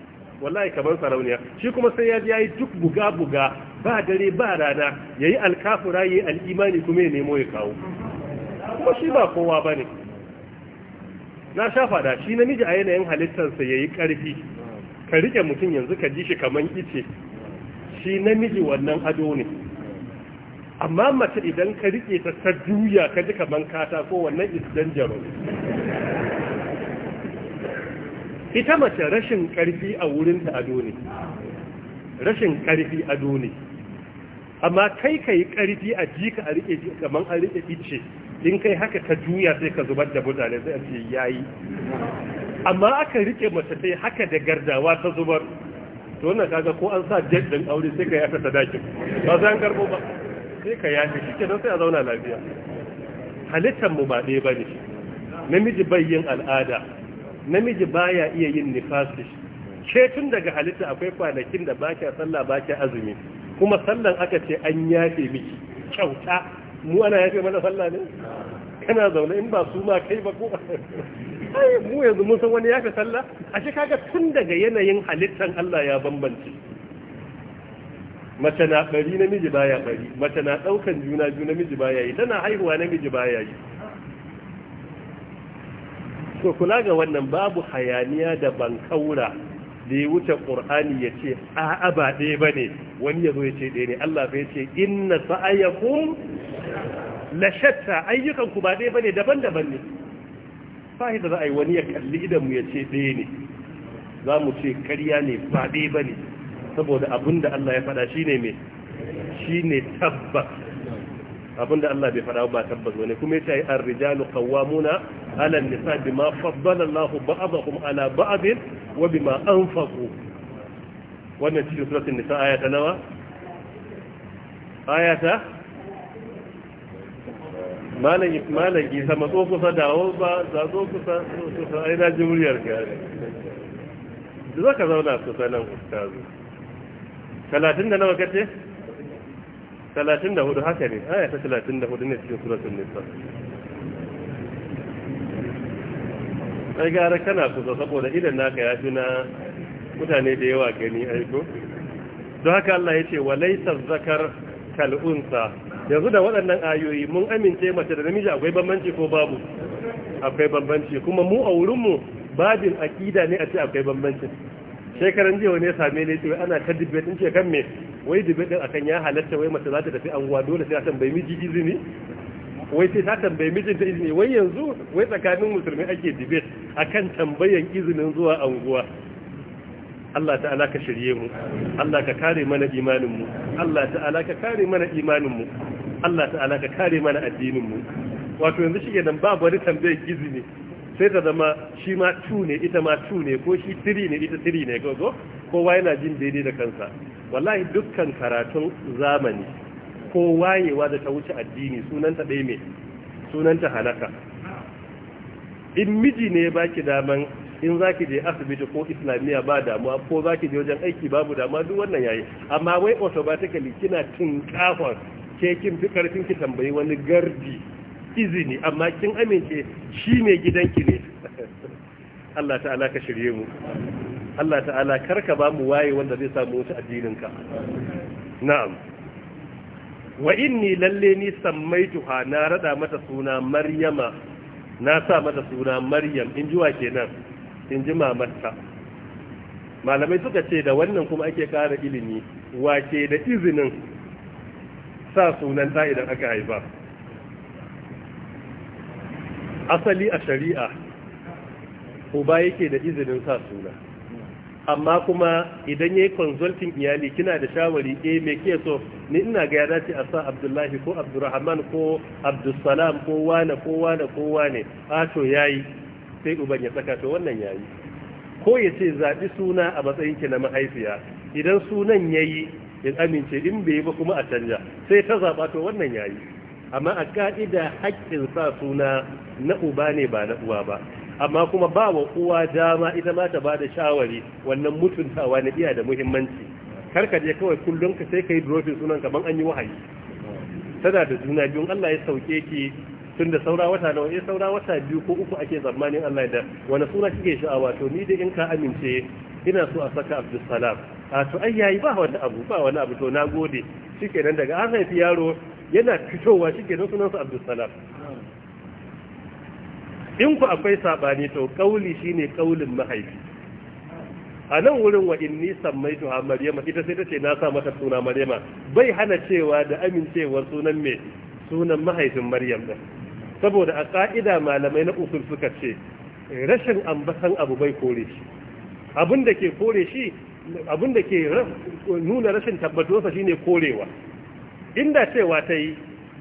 Speaker 2: wallahi kamar sarauniya shi kuma sai ya ji yayi duk buga buga ba dare ba rana ya yayi alkafura yayi al'imani kuma ya nemo ya kawo kuma shi ba kowa bane na sha fada shi namiji a yanayin halittarsa yayi karfi ka rike mutum yanzu ka ji shi kaman ice shi namiji wannan ado ne amma mace idan ka rike ta ta juya ka ji kaman kata ko wannan is ita mace rashin karfi a wurinta a dole, rashin karfi a dole, amma kai ka yi karfi a ji ka a rike ji kamar a rike ice in kai haka ta juya sai ka zubar da mutane sai a ce yayi amma aka rike mace sai haka da gardawa ta zubar to wannan kaga ko an sa jet din aure sai ka yafe dakin, ba za an karbo ba sai ka yafe shi kenan sai a zauna lafiya halittar mu ba ɗaya ne, namiji bayyin al'ada namiji baya iya yin nifasi ce tun daga halitta akwai kwanakin da ba kya sallah ba kya azumi kuma sallan aka ce an yafe miki kyauta mu ana yafe mana sallah ne kana zaune in ba su ma kai ba ko ai mu yanzu mun san wani yafe sallah a shi kaga tun daga yanayin halittan Allah ya bambance mace na bari namiji baya bari mace na daukan juna biyu namiji baya yi tana haihuwa namiji baya yi so kula ga wannan babu hayaniya da ban kaura da ya wuce ƙur'ani ya ce a'a ba ɗaya ba ne wani ya zo ya ce ɗaya ne Allah bai ce inna sa'ayakum la shatta ayyukan ku ba ɗaya ba ne daban-daban ne sai da za wani ya kalli idan mu ya ce ɗaya ne za mu ce karya ne ba ɗaya ba ne saboda abin da Allah ya faɗa shine me shine tabbas abinda Allah bai faɗa ba tabbas wani kuma yace ar-rijalu qawwamuna 'ala an-nisa bima faddala Allah ba'dahum 'ala ba'd wa bima anfaqu wannan cikin suratul nisa ayata nawa ayata malan yi sama matso kusa dawo ba za zo kusa kusa ai na za ka zaka zauna kusa nan ustazu 30 da nawa kace talatin da hudu haka ne aya ta talatin da hudu ne cikin suratun nisa ai gara kana kusa saboda idan naka ya fi na mutane da yawa gani aiko don haka Allah ya ce walaisar zakar kal'unsa yanzu da waɗannan ayoyi mun amince mace da namiji akwai bambanci ko babu akwai bambanci kuma mu a wurinmu babin akida ne a ce akwai bambancin shekaran jiya wani ya same ne ce ana ta debate din ce kan me wai debate din akan ya halatta wai mace za ta tafi anguwa dole sai ta tambayi miji izini wai sai ta tambayi mijinta izini wai yanzu wai tsakanin musulmi ake dibet akan tambayan izinin zuwa anguwa Allah ta'ala ka shirye mu Allah ka kare mana imanin mu Allah ta'ala ka kare mana imanin mu Allah ta'ala ka kare mana addinin mu wato yanzu shi nan ba bari tambayar izini sai ta zama shi ma tu ne ita ma tu ne ko shi tiri ne ita tiri ne gogo kowa yana jin daidai da kansa wallahi dukkan karatun zamani ko wayewa da ta wuce addini sunanta ɗaya mai sunanta halaka in miji ne ya baki daman in za ki je asibiti ko islamiyya ba damuwa ko za je wajen aiki babu damuwa duk wannan yayi amma wai automatically kina tinkafon ke kin fi karfin ki tambayi wani gardi izini amma kin amince shi mai gidanki ne <laughs> Allah ta'ala ka shirye mu Allah ta'ala karka ba mu waye wanda zai samu wata addininka na'am wa inni lalle ni ha na rada mata suna maryama na sa mata suna maryam in ji wa kenan in ji mamarta malamai suka ce da wannan kuma ake kara ilimi wace da izinin sa sunan ta idan aka haifa asali a shari'a uba yake da izinin sa suna amma kuma idan yayi yi consulting iyali kina da shawari eh me ke so ni ina ga ya dace a sa abdullahi ko abdurrahman ko abdussalam ko wane ko wane ko wane a to yayi sai uban ya saka to wannan yayi ko ya ce zaɓi suna a matsayin ki na mahaifiya idan sunan yayi ya amince in bai ba kuma a canja sai ta zaɓa to wannan yayi amma a ka'ida haƙƙin sa suna na uba ne ba na uwa ba amma kuma ba wa uwa dama ita ma ta bada shawari wannan mutuntawa na iya da muhimmanci karka je kawai kullum ka sai kai drofin sunan kaman an yi wahayi tana da juna biyun Allah ya sauke ki tun da saura wata nawa ya eh, saura wata biyu ko uku ake tsammanin Allah da wani suna kike sha'awa to ni da in ka amince ina so a saka Abdul Salam a to ai yayi ba wani abu ba wani abu to nagode shikenan daga an haifi yaro yana fitowa shi ke don sunansa abdulsalam in ku akwai saɓani to ƙauli shi ne ƙaulin mahaifi a nan wurin wa nisan mai ha maryama ita sai ta ce na sa mata suna maryama bai hana cewa da amincewar sunan mai sunan mahaifin maryam ɗin. saboda a ƙa'ida malamai na usul suka ce rashin ambatan abu bai kore shi abinda ke kore shi abinda ke nuna rashin tabbatuwarsa shine korewa inda cewa ta yi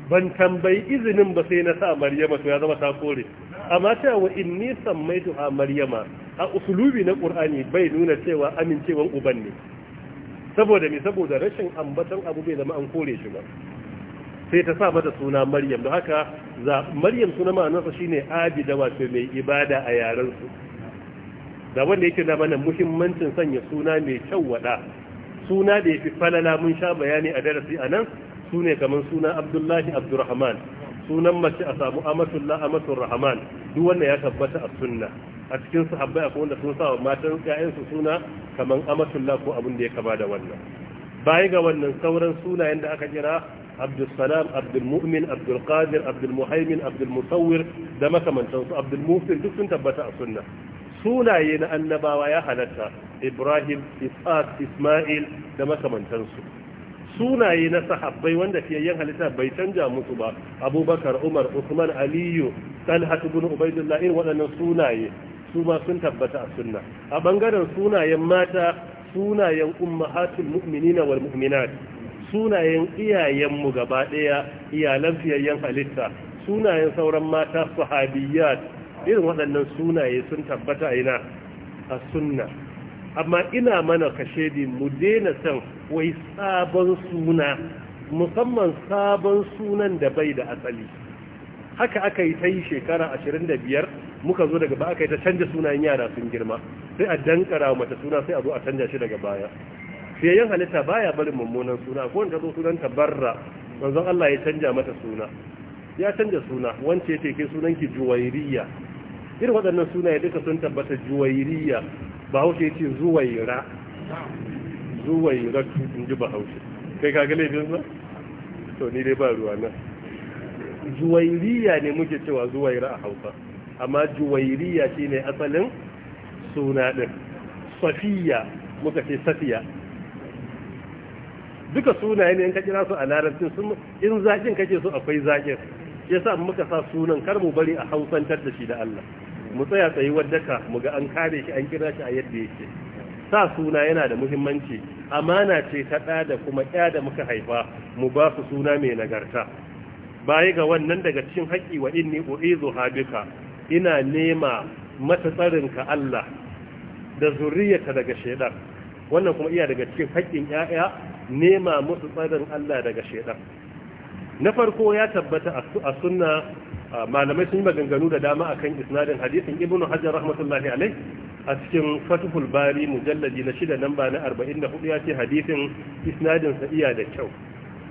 Speaker 2: ban tambayi izinin ba sai na sa maryama to ya zama ta kore amma cewa wa inni sammaitu a maryama a usulubi na ƙur'ani, bai nuna cewa amincewan uban ne saboda me saboda rashin ambatar abu bai zama an kore shi ba sai ta sa mata suna maryam da haka za maryam suna ma'anarsa shine abida wato mai ibada a yarensu. su da wanda yake da mana muhimmancin sanya suna mai kyau wada suna da yafi falala mun sha bayani a darasi a nan. su ne kamar sunan abdullahi abdurrahman sunan mace a samu amatullah amatul rahman duk wanda ya tabbata a sunna a cikin sahabbai akwai wanda sun sa matan su suna kamar amatullah ko abin da ya kama da wannan baya ga wannan sauran sunayen da aka kira abdul salam abdul mu'min abdul qadir abdul muhaimin abdul musawwir da makamantan su abdul mufir duk sun tabbata a sunna sunaye na annabawa ya halatta ibrahim ishaq isma'il da makamantan su sunaye na sahabbai wanda fiyayyen halitta bai canja musu ba abubakar umar usman aliyu talha ibn ubaidullah irin waɗannan sunaye su ma sun tabbata a sunna a bangaren sunayen mata sunayen ummahatul mu'minina wal mu'minat sunayen iyayenmu gaba ɗaya iyalan fiyayyen halitta sunayen sauran mata sahabiyyat irin waɗannan sunaye sun tabbata a ina a sunna amma ina mana kashedi mu daina san wai sabon suna musamman sabon sunan da bai da asali haka aka yi ta yi shekara 25 muka zo daga ba aka yi ta canja sunayen yara sun girma sai a dankara mata suna sai a zo a canja shi daga baya yan halitta baya barin mummunan suna ko wanda zo sunan ta barra manzon Allah ya canja mata suna ya canja suna wance yake ke sunan ki juwairiya irin waɗannan sunaye duka sun tabbata juwairiya bahaushe ce zuwaira zuwaira in ji bahaushe kai ka ga laifin sa to ni dai ba ruwa na zuwairiya ne muke cewa zuwaira a hausa amma shi shine asalin suna ɗin. safiya muka ce safiya duka sunaye ne in ka kira su a larabcin sun in zaƙin kake so akwai zakin yasa muka sa sunan kar mu bari a hausantar da shi da Allah mu tsaya tsayuwar daka mu ga an kare shi an kira shi a yadda yake sa suna yana da muhimmanci amana ce ta ɗa da kuma ɗa da muka haifa mu ba su suna mai nagarta baya ga wannan daga cikin haƙƙi wa inni u'izu habika ina nema mata tsarinka Allah da zuriyarta daga shaidar. wannan kuma iya daga cikin haƙƙin ƴaƴa nema musu tsarin Allah daga shaidar. na farko ya tabbata a sunna Ah, malamai sun yi maganganu da dama akan isnadin hadisin ibnu hajar rahmatullahi alai a cikin fatuhul bari mujalladi na shida namba na 44 ya ce hadisin isnadin sa iya da kyau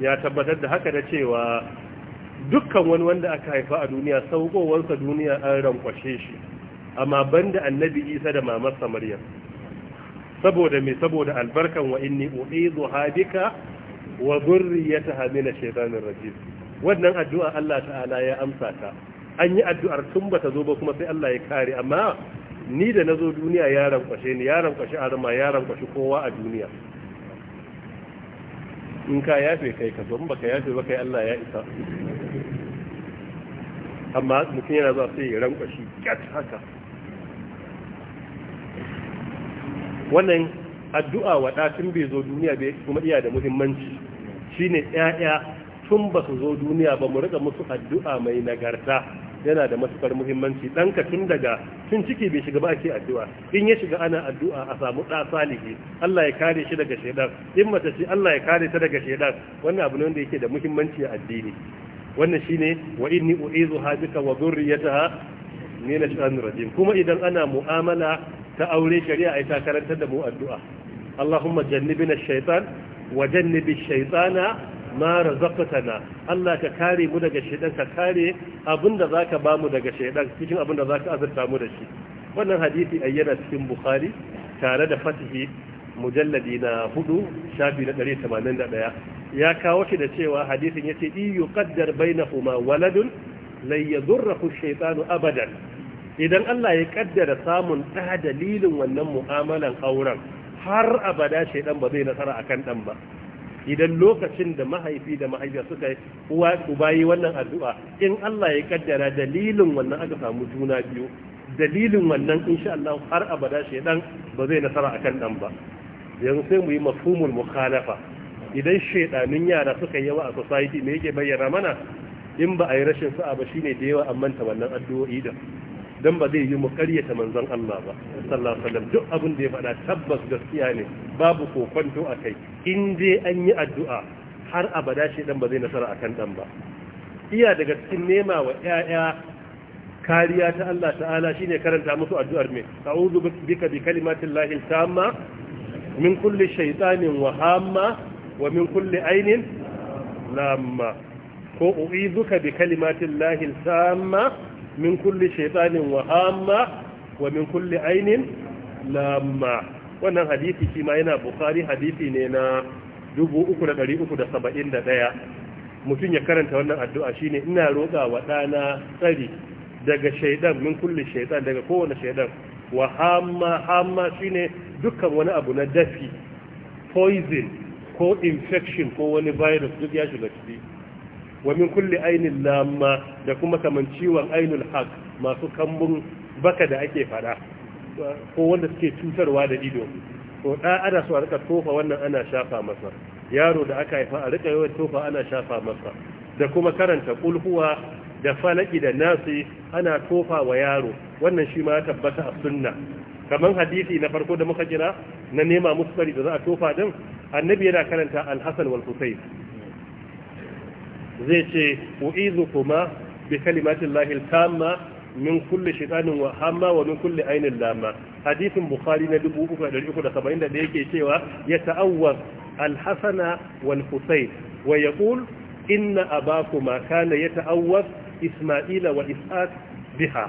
Speaker 2: ya tabbatar da haka da cewa dukkan wani wanda aka haifa a duniya saukowarsa duniya an rankwashe shi amma banda annabi isa da mamarsa maryam saboda me saboda albarkan wa inni uizu hadika wa dhurriyyataha min ash-shaytanir rajim wannan addu'a Allah ta'ala ya amsa ta an yi addu'ar tun ba ta zo ba kuma sai Allah ya kare amma ni da nazo duniya ya rankwashe ni ya rankwashe arma ya rankwashe kowa a duniya in ka yafe kai ka zo ka yafe ba kai Allah ya isa amma mutum yana zuwa sai ya rankwashe kat haka wannan addu'a wa bai zo duniya bai kuma iya da muhimmanci shine ɗaya. tun ba su zo duniya ba mu riga musu addu'a mai nagarta yana da matukar muhimmanci ɗanka tun daga tun ciki bai shiga ba ake addu'a in ya shiga ana addu'a a samu ɗa salihi Allah ya kare shi daga shaidan in mace ce Allah ya kare ta daga shaidan wannan abu ne wanda yake da muhimmanci a addini wannan shine wa inni u'izu hadika wa dhurriyataha min ash-shaytanir rajim kuma idan ana mu'amala ta aure shari'a ai ta karantar da mu addu'a Allahumma jannibna ash-shaytan wa jannibish shaytana ma razaqtana Allah ka kare mu daga shaydan ka kare abinda zaka ba mu daga shaydan cikin abinda zaka azurta mu da shi wannan hadisi ayyana cikin bukhari tare da fatihi mujalladi na hudu shafi na ɗaya ya kawo shi da cewa hadisin yace iyu na bainahuma waladun lai yadurruhu shaytanu abadan idan Allah ya kaddara samun da dalilin wannan mu'amalan auren har abada shaydan ba zai nasara akan ɗan ba idan lokacin da mahaifi da mahaifiya suka yi uwa uba yi wannan addu'a in Allah ya kaddara dalilin wannan aka samu juna biyu dalilin wannan insha Allah har abada dan ba zai nasara akan dan ba yanzu sai mu yi mafhumul mukhalafa idan shedanin yara suka yawa a society me yake bayyana mana in ba a yi rashin sa'a ba shine da yawa an manta wannan addu'o'i da don ba zai yi mu karyata manzon Allah ba sallallahu alaihi wasallam duk abin da ya faɗa tabbas gaskiya ne babu kokonto a kai in dai an yi addu'a har abada shi dan ba zai nasara akan dan ba iya daga cikin nema wa ƴaƴa kariya ta Allah ta'ala shine karanta musu addu'ar me a'udhu bika bi kalimatillahi tamma min kulli shaytanin wa hamma wa min kulli ainin lamma ko u'iduka bi kalimatillahi tamma min kulli shaitanin wa hamma wa min kulli ainin lamma wannan hadisi shi ma yana bukhari hadisi ne na 3371 mutum ya karanta wannan addu'a shine ina roƙa wa ɗana tsari daga shaidan min kulli shaitan daga kowane shaidan wa hamma hamma shine dukkan wani abu na dafi poison ko infection ko wani virus duk ya shiga ciki wa min kulli lamma da kuma kaman ciwon ainul haq masu kambun baka da ake fada ko wanda suke cutarwa da ido Ko da ana a rika tofa wannan ana shafa masa yaro da aka haifa a rika yawan tofa ana shafa masa da kuma karanta kulhuwa da falaki da nasi ana tofa wa yaro wannan shi ma tabbata a sunna kamar hadisi na farko da muka jira na nema musu da za a tofa din annabi yana karanta Alhassan hasan wal husayn zai ce u'izukuma bi kalimatin lahil tamma min kulli shaytanin wa hamma wa min kulli ainin lama hadisin bukhari na 3371 da yake cewa ya ta'awwaz al-hasana wal husayn wa yaqul inna abakuma kana yata'awwaz isma'ila wa is'aq biha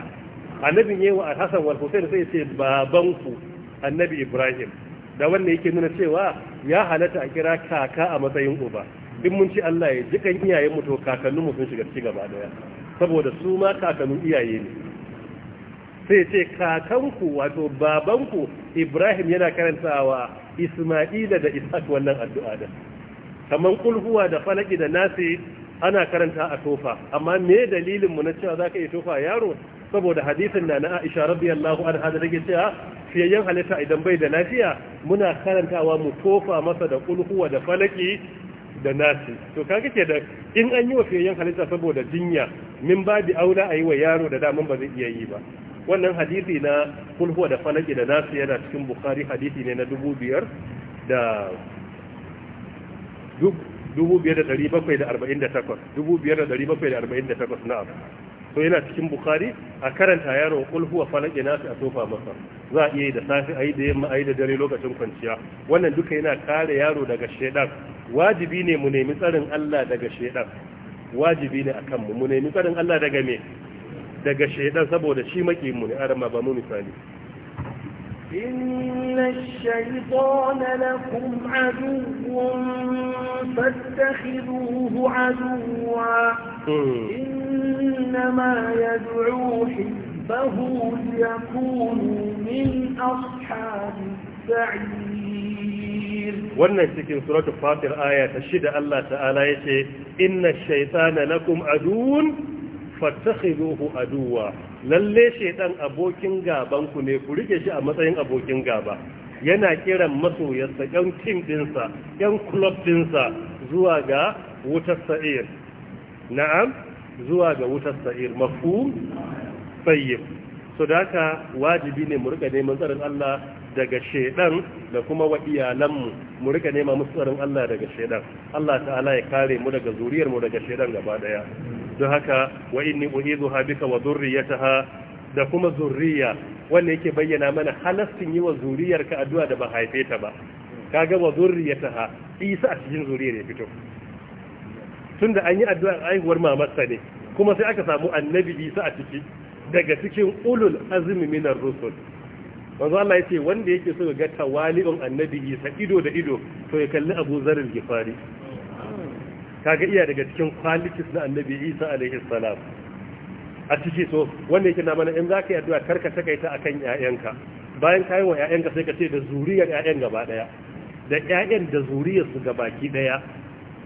Speaker 2: annabin yawa al-hasan wal husayn sai ce babanku annabi ibrahim da wannan yake nuna cewa ya halatta a kira kaka a matsayin uba in mun ci Allah ya ji kan iyayen mu to kakannin mu sun shiga ci gaba daya saboda su ma kakannin iyaye ne sai ce kakanku wato babanku Ibrahim yana karantawa Isma'ila da Ishaq wannan addu'a da kaman kulhuwa da falaki da nasi ana karanta a tofa amma me dalilin mu na cewa zaka yi tofa yaro saboda hadisin na na Aisha radiyallahu anha da take cewa fiyayyen halitta idan bai da lafiya muna karantawa mu tofa masa da kulhuwa da falaki da nasi to kaga ce da in an yi wa fiyayyen halitta saboda jinya min babi aula a yi wa yaro da daman ba zai iya yi ba wannan hadisi na kulhuwa da falaki da nasi yana cikin bukhari hadisi ne na dubu biyar da dubu biyar da ɗari bakwai da arba'in da takwas dubu biyar da ɗari bakwai da arba'in da takwas na'am to yana cikin bukari a karanta yaro kul huwa falaki nasu a tofa masa za a iya yi da safi a yi da yamma a yi da dare lokacin kwanciya wannan duka yana kare yaro daga shaidan wajibi ne mu nemi tsarin Allah daga shaidan wajibi ne akan mu mu nemi tsarin Allah daga me daga shaidan saboda shi makiyin mu ne arama ba mu misali
Speaker 3: إن الشيطان لكم عدو فاتخذوه عدوا إنما يدعو حزبه ليكونوا من أصحاب السعير
Speaker 2: وانا سكين سورة الفاتح آية الشدة الله تعالى يشي إن الشيطان لكم عدو fattakhiduhu aduwa lalle shedan abokin gaban ku ne ku rike shi a matsayin abokin gaba yana kiran masoyarsa yan din dinsa yan club dinsa zuwa ga wutar sa'ir na'am zuwa ga wutar sa'ir mafhum tayyib so daka wajibi ne mu rika neman tsarin Allah daga shedan da kuma wa iyalanmu mu rika nema musu tsarin Allah daga shedan Allah ta'ala ya kare mu daga zuriyar mu daga shedan gaba daya don haka wa inni zuha bika wa dhurriyataha da kuma zurriya wanda yake bayyana mana halastin yi wa ka addu'a da ba haife ta ba kaga wa zurriyataha isa a cikin zuriyar ya fito tunda an yi addu'a haihuwar mamarsa ne kuma sai aka samu annabi isa a ciki daga cikin ulul azmi minar rusul manzo Allah yace wanda yake so ga tawali'un annabi isa ido da ido to ya kalli Abu Zar al-Ghifari kaga iya daga cikin qualities na annabi Isa alaihi salam a ciki so wanda yake na mana in zaka yi addu'a karka takaita akan 'ya'yanka bayan ka yi wa ƴaƴanka sai ka ce da zuriyar ƴaƴan gaba daya da 'ya'yan da zuriyar su gabaki daya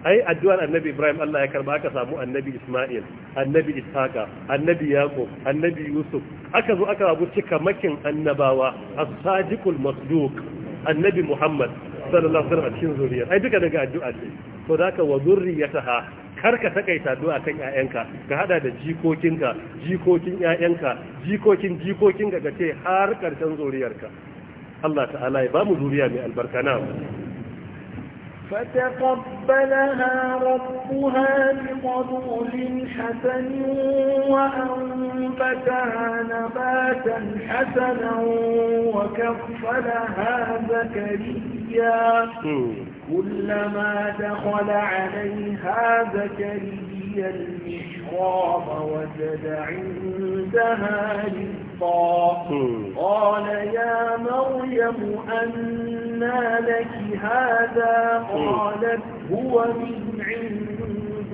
Speaker 2: ai addu'ar annabi Ibrahim Allah ya karba aka samu annabi Ismail annabi Ishaqa annabi Yaqub annabi Yusuf aka zo aka rabu cika makin annabawa as-sadiqul masduq annabi Muhammad sallallahu alaihi wasallam cikin zuriyar ai duka daga addu'a ce to da ka wa zurriyataha kar ka takaita addu'a kan ƴaƴanka ka hada da jikokinka jikokin ƴaƴanka jikokin jikokin ga ce har karshen zuriyarka Allah ta'ala ya ba mu zuriya mai albarka
Speaker 3: فتقبلها ربها بقبول حسن وأنبتها نباتا حسنا وكفلها زكريا كلما دخل عليها زكريا أوتي المحراب وجد عندها رزقا قال يا مريم أنى لك هذا قالت هو من عند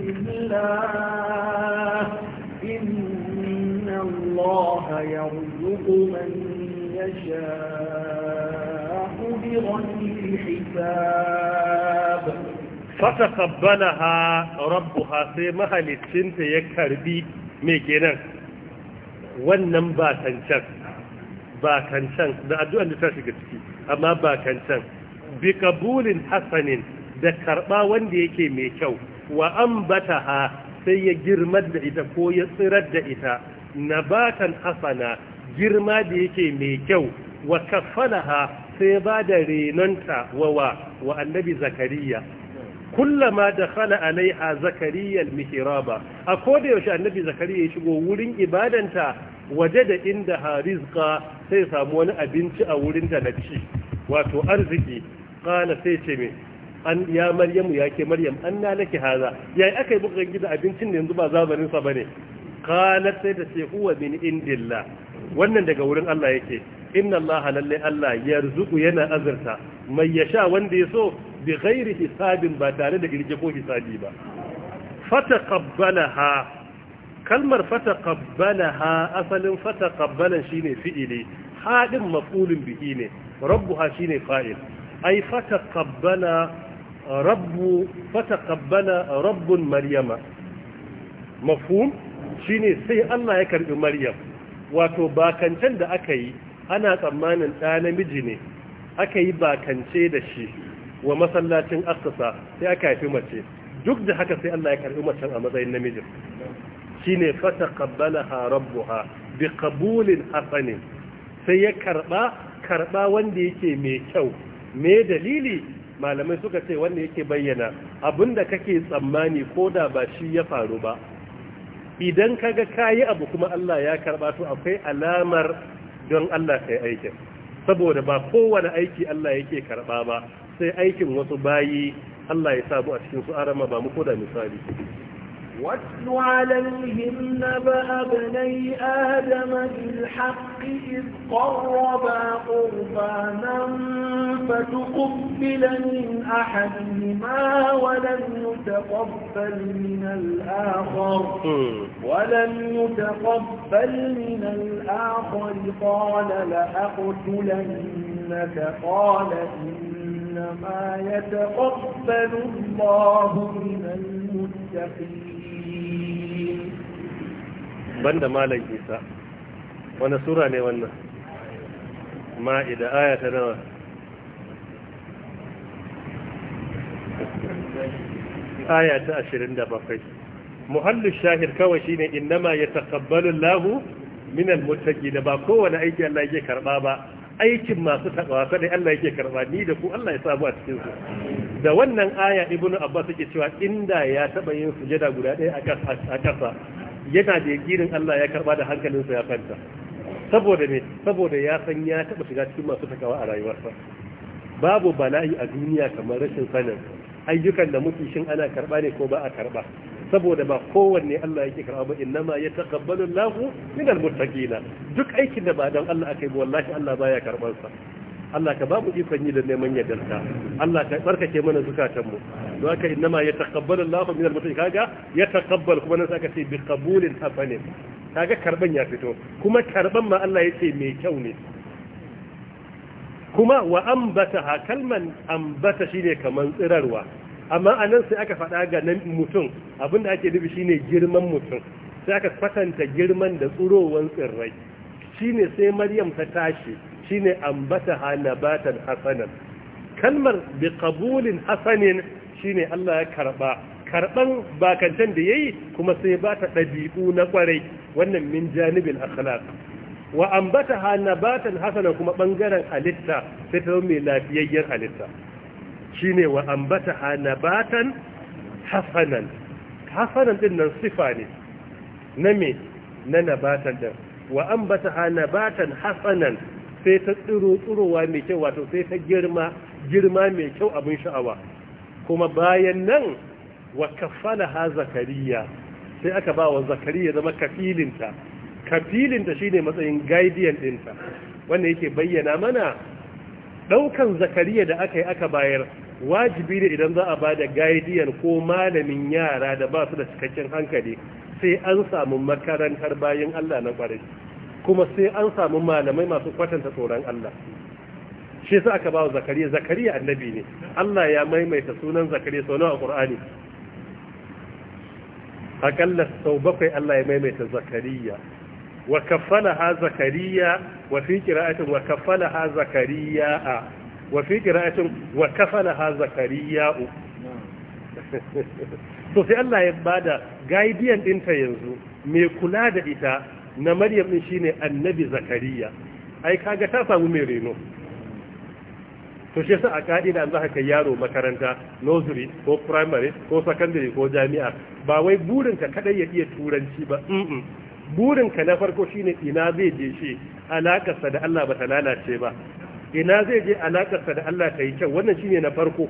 Speaker 3: الله إن الله يرزق من يشاء بغير حساب
Speaker 2: fatakabbalaha ha rabbuha sai mahaliccinta ya karbi mai kenan wannan ba kancan ba kancan da addu'an da ta shiga ciki amma ba kancan bi kabulin hasanin da karba wanda yake mai kyau wa ambataha sai ya girmar da ita ko ya tsirar da ita nabatan hasana girma da yake mai kyau wa kafalaha sai ba da renonta wa wa annabi zakariya kullama da khala alaiha zakariya al-mihraba a koda yaushe annabi zakariya ya shigo wurin ibadanta waje da inda rizqa sai samu wani abinci a wurin da naci wato arziki kana sai ce me an ya maryamu ya ke maryam anna laki haza yayi akai buka gida abincin da yanzu ba zabarin sa bane kana sai da ce huwa min indillah wannan daga wurin Allah yake inna Allah lalle Allah yarzuku yana azurta mai yasha wanda ya so bi ghairi hisabin ba tare da irge ko hisabi ba Fata fataqabbalaha kalmar fata fataqabbalaha asalin fata fataqabbalan shine fi'ili hadin maf'ulun bihi ne rabbuha shine fa'il ay fataqabbala rabbu fata fataqabbala rabbun maryama mafhum shine sai Allah ya karbi maryam wato bakancan da aka yi ana tsammanin ɗa namiji ne aka yi bakance da shi wa masallacin Asasa sai aka haifi mace duk da haka sai Allah ya karbi macen a matsayin namijin shine taqabbalaha rabbuha bi qabulin hasani sai ya karba karba wanda yake mai kyau me dalili malamai suka ce wanda yake bayyana abinda kake tsammani ko da ba shi ya faru ba idan kaga kayi abu kuma Allah ya karba to akwai alamar don Allah kai aikin saboda ba kowane aiki Allah yake karba ba sai aikin wasu bayi Allah ya sabu a cikin su arama ba mu koda misali
Speaker 3: واتل عليهم نبأ بني آدم بالحق إذ قربا قربانا فتقبل من أحدهما ولم يتقبل من الآخر ولم يتقبل من الآخر قال لأقتلنك قال إن إنما يتقبل الله من المتقين
Speaker 2: بند مالك إيسا وانا سورة نيوانا ما إذا آية نوى آية أشرين دبقي محل الشاهر كوشين إنما يتقبل الله من المتقين باكو وانا أيجي الله يجي كربابا aikin masu taɓawa kada Allah yake karɓa ni da ku Allah ya samu a cikin su da wannan aya ibnu abbas yake cewa inda ya taɓa yin sujada guda ɗaya a ƙasa yana da girin Allah ya karɓa da hankalinsa ya fanta. saboda me saboda ya san ya taɓa shiga cikin masu takawa a rayuwarsa babu bala'i a duniya kamar rashin sanin ayyukan da muke shin ana karba ne ko ba a karba saboda ba kowanne Allah yake karba ba innama yataqabbalu Allahu min almuttaqina duk aikin da ba dan Allah akai ba wallahi Allah baya karban sa Allah ka babu ikon yi da neman yardarka Allah ka barkake mana zukatan mu don haka innama yataqabbalu Allahu min almuttaqina kaga yataqabbal kuma nan saka ce bi qabulin hafanin kaga karban ya fito kuma karban ma Allah yace mai kyau ne kuma wa ambata ha kalman ambata shine kamar tsirarwa amma nan sai aka faɗa ga nan mutum abinda ake nufi shine girman mutum sai aka kwatanta girman da tsirowar tsirrai shine sai maryam ta tashi shine ambata ha batan hasanan kalmar bi kabulin hasanin shine Allah ya karba karban bakancan da ya yi, kuma sai ba ta ɗabi'u na ƙwarai, wannan min janibin akhlaq wa ambata ha batan hasana kuma bangaren halitta sai ta zama mai lafiyayyar halitta ne wa ambata ha batan hasanan hasanan din nan sifa ne na me na batan din wa ambata ha batan hasanan sai ta tsiro tsirowa mai kyau wato sai ta girma girma mai kyau abin sha'awa kuma bayan nan wa kafala ha zakariya sai aka ba wa zakariya zama kafilinta kafilinta shine matsayin guardian ɗinta wanda yake bayyana mana ɗaukan zakariya da aka yi aka bayar wajibi ne idan za a ba da guardian ko malamin yara da ba su da cikakken hankali sai an samu makarantar bayan Allah na kwarai kuma sai an samu malamai masu kwatanta tsoron Allah shi sa aka wa zakariya zakariya annabi ne Allah ya maimaita sunan zakariya sau nawa Qur'ani akalla sau bakwai Allah ya maimaita zakariya wa kaffalaha zakariya wa fi qira'atin wa kaffalaha zakariya wa fi qira'atin wa kafalaha Allah ya bada guardian ɗinta yanzu mai kula da ita na Maryam ɗin shine Annabi Zakariya ai kaga ta samu mai reno to shi yasa a ka'ida an zaka kai yaro makaranta nursery ko primary ko secondary ko jami'a ba wai burinka kaɗai ya iya turanci ba mm Burin ka na farko shine ina zai je shi alakarsa da Allah ba ta lalace ba ina zai je alakarsa da Allah ta yi kyau wannan shine na farko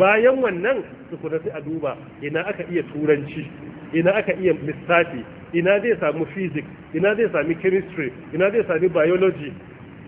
Speaker 2: bayan wannan tukuna sai a duba ina aka iya turanci ina aka iya lissafi ina zai samu physics ina zai sami chemistry ina zai sami biology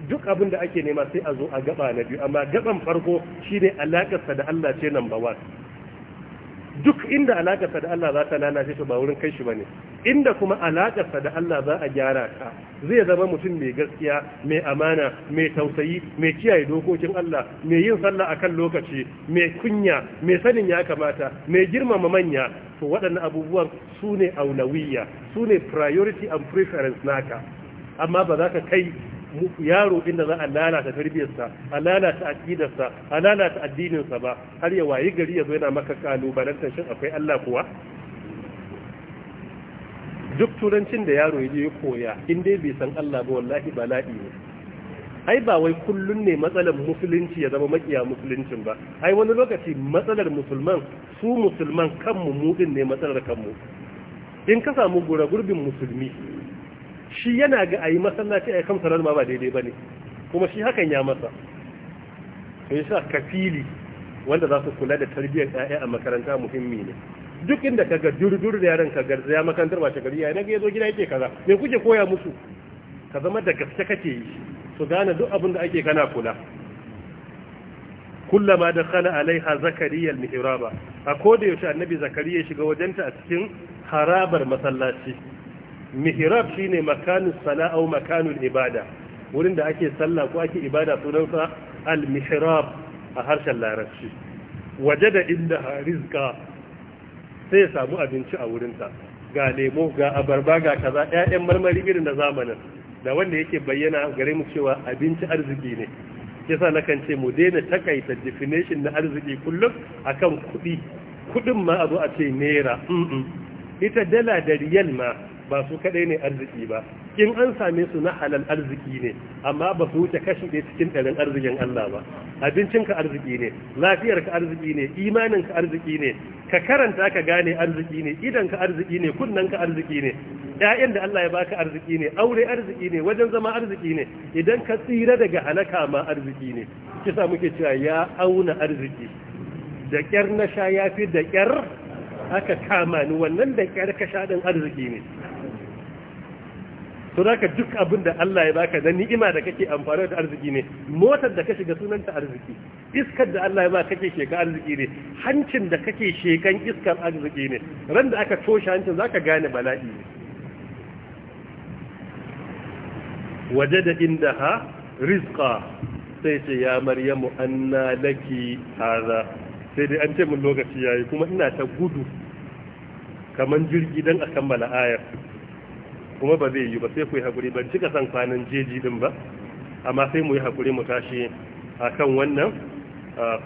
Speaker 2: duk abin da ake nema sai a zo a gaba na biyu amma gaban farko shine alakarsa da Allah ce number 1 duk inda alakarsa da Allah za ta lalace to ba wurin kai shi bane inda kuma alaƙarsa da Allah za a gyara ka zai zama mutum mai gaskiya mai amana mai tausayi mai kiyaye dokokin Allah mai yin sallah akan lokaci mai kunya mai sanin ya kamata mai girmama manya to waɗannan abubuwan su ne aulawiyya su ne priority and preference naka amma ba za ka kai yaro inda za a lalata tarbiyarsa a lalata aqidarsa a lalata addininsa ba har ya wayi gari ya zo yana maka kalubalantar shin akwai Allah kuwa duk turancin da yaro ya je ya koya in dai bai san Allah ba wallahi bala'i ne ai ba wai kullun ne matsalar musulunci ya zama makiya musuluncin ba ai wani lokaci matsalar musulman su musulman kanmu mu din ne matsalar kanmu in ka samu gura gurbin musulmi shi yana ga ayi masallaci ayi kamsarar ma ba daidai bane kuma shi hakan ya masa to yasa kafili wanda za su kula da tarbiyyar 'ya'ya a makaranta muhimmi ne duk inda ka ga durdur da yaran ka garzaya makantar ba shagari ya naga yazo gida yake kaza me kuke koya musu ka zama da gaske kake yi su gane duk abin da ake kana kula kullama dakhala alaiha zakariya almihraba a koda annabi zakariya shiga wajenta a cikin harabar masallaci mihrab shine makanu sala'a aw makanu ibada wurin da ake sallah ko ake ibada sunansa al almihrab a harshen larabci wajada inda rizqa sai ya samu abinci a wurinta ga lemo ga abarba ga kaza ƴaƴan marmari irin na zamanin da wanda yake bayyana gare mu cewa abinci arziki ne yasa na kan ce mu daina takaita definition na arziki kullum akan kuɗi kuɗin ma a a ce naira ita dala da riyal ma ba su kadai ne arziki ba in an same su na halal arziki ne amma ba su wuce kashi ɗaya cikin ɗarin arzikin Allah ba Abincin ka arziki ne lafiyarka arziki ne imaninka arziki ne ka karanta ka gane arziki ne idanka arziki ne kunnanka arziki ne ƴaƴan da Allah ya baka arziki ne aure arziki ne wajen zama arziki ne idan ka tsira daga halaka ma arziki ne kisa muke cewa ya auna arziki da ƙyar na sha ya fi da ƙyar aka kama ni wannan da ƙyar ka sha ɗin arziki ne to duk abin da Allah ya baka da ni'ima da kake amfani da arziki ne motar da ka shiga sunanta arziki iskar da Allah ya baka kake sheka arziki ne hancin da kake shekan iskar arziki ne ran da aka toshe hancin zaka gane bala'i ne wajada indaha rizqa sai ce ya maryamu anna laki hada sai dai an ce mun lokaci yayi kuma ina ta gudu kaman jirgi dan a kammala ayar kuma ba zai yi ba sai ku yi haƙuri ban cika san kwanan jeji din ba amma sai mu yi haƙuri mu tashi a kan wannan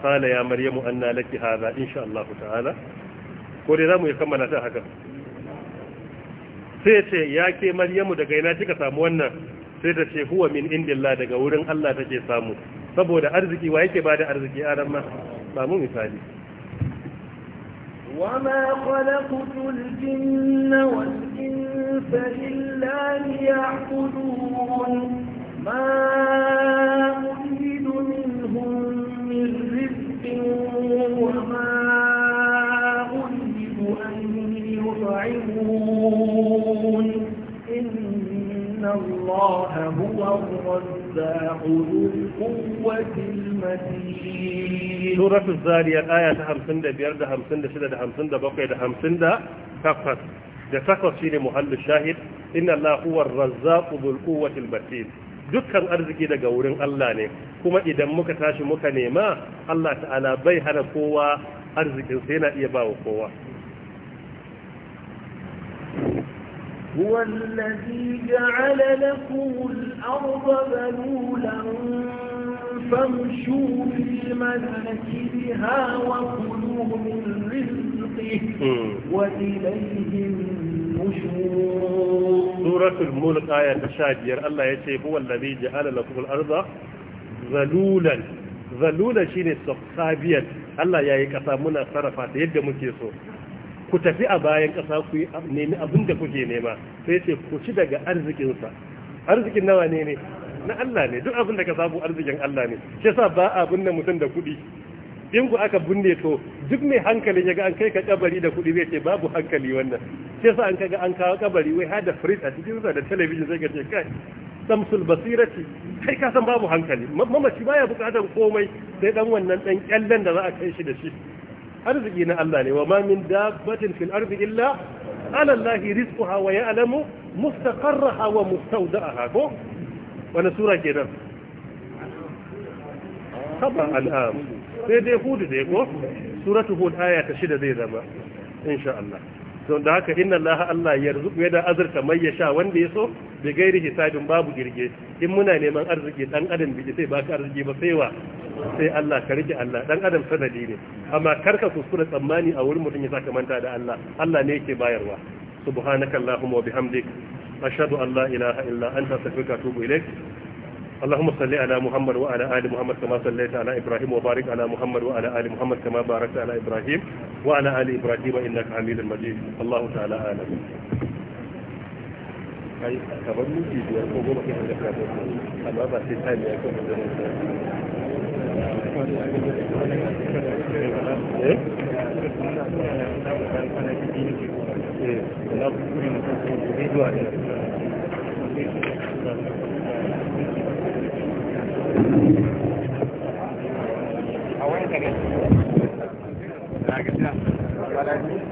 Speaker 2: kala ya maryamu anna laki haza insha Allah ta'ala ko dai za mu yi kammala ta haka sai ce ya ke maryamu daga ina cika samu wannan sai ta ce huwa min indillah daga wurin Allah take samu saboda arziki wa yake bada arziki aran ma samu misali
Speaker 3: وما خلقت الجن والإنس إلا ليعبدون ما أريد منهم من رزق وما أريد أن يطعمون الله هو الرزاق ذو القوة المتين
Speaker 2: سورة الزاريات آية 55 56 57 58 da takwas shine muhallu shahid inna Allah huwa ar-razzaqu dhul dukkan arziki daga wurin Allah ne kuma idan muka tashi muka nema Allah ta'ala bai hana kowa arzikin sai yana iya bawa kowa
Speaker 3: هو الذي جعل لكم الأرض بلولا فامشوا في مناكبها وكلوا من رزقه وإليه
Speaker 2: النشور سورة الملك آية الشاجر الله يشيب هو الذي جعل لكم الأرض ذلولا ذلولا شيني سخابيا الله يا يكسا صرفات يد مكيسو ku tafi a bayan ƙasa ku nemi abin da kuke nema sai ce ku ci daga arzikinsa arzikin nawa ne ne na Allah ne duk abin da ka samu arzikin Allah ne shi yasa ba a binne mutum da kuɗi in ku aka binne to duk mai hankali ya ga an kai ka kabari da kuɗi zai ce babu hankali wannan shi yasa an kaga an kawo kabari wai hada fridge a cikin sa da talabijin sai ka ce kai samsul basirati kai ka san babu hankali mamaci baya bukatar komai sai dan wannan dan kyallen da za a kai shi da shi arziki na Allah ne wa ma min dabbatin fil ardi illa ala Allah rizquha wa ya'lamu mustaqarraha wa mustawda'aha ko wani sura kenan saba al'am sai dai hudu dai ko suratu hud aya ta shida zai zama insha Allah to da haka inna allaha allah da azurta mai ya sha wanda ya so bi gairi hisabin babu girge in muna neman arziki dan adam bi sai baka arziki ba sai wa sai Allah ka rike Allah dan adam sanadi ne amma karka kuskura tsammani a wurin mutum ya saka manta da Allah Allah ne yake bayarwa subhanakallahumma wa bihamdik ashhadu an la ilaha illa anta astaghfiruka wa atubu ilaik اللهم صل على محمد وعلى ال محمد كما صليت على ابراهيم وبارك على محمد وعلى ال محمد كما باركت على ابراهيم وعلى ال ابراهيم انك حميد مجيد الله تعالى اعلم Eh, kalau boleh kita boleh kita
Speaker 1: boleh kita boleh kita boleh Thank you.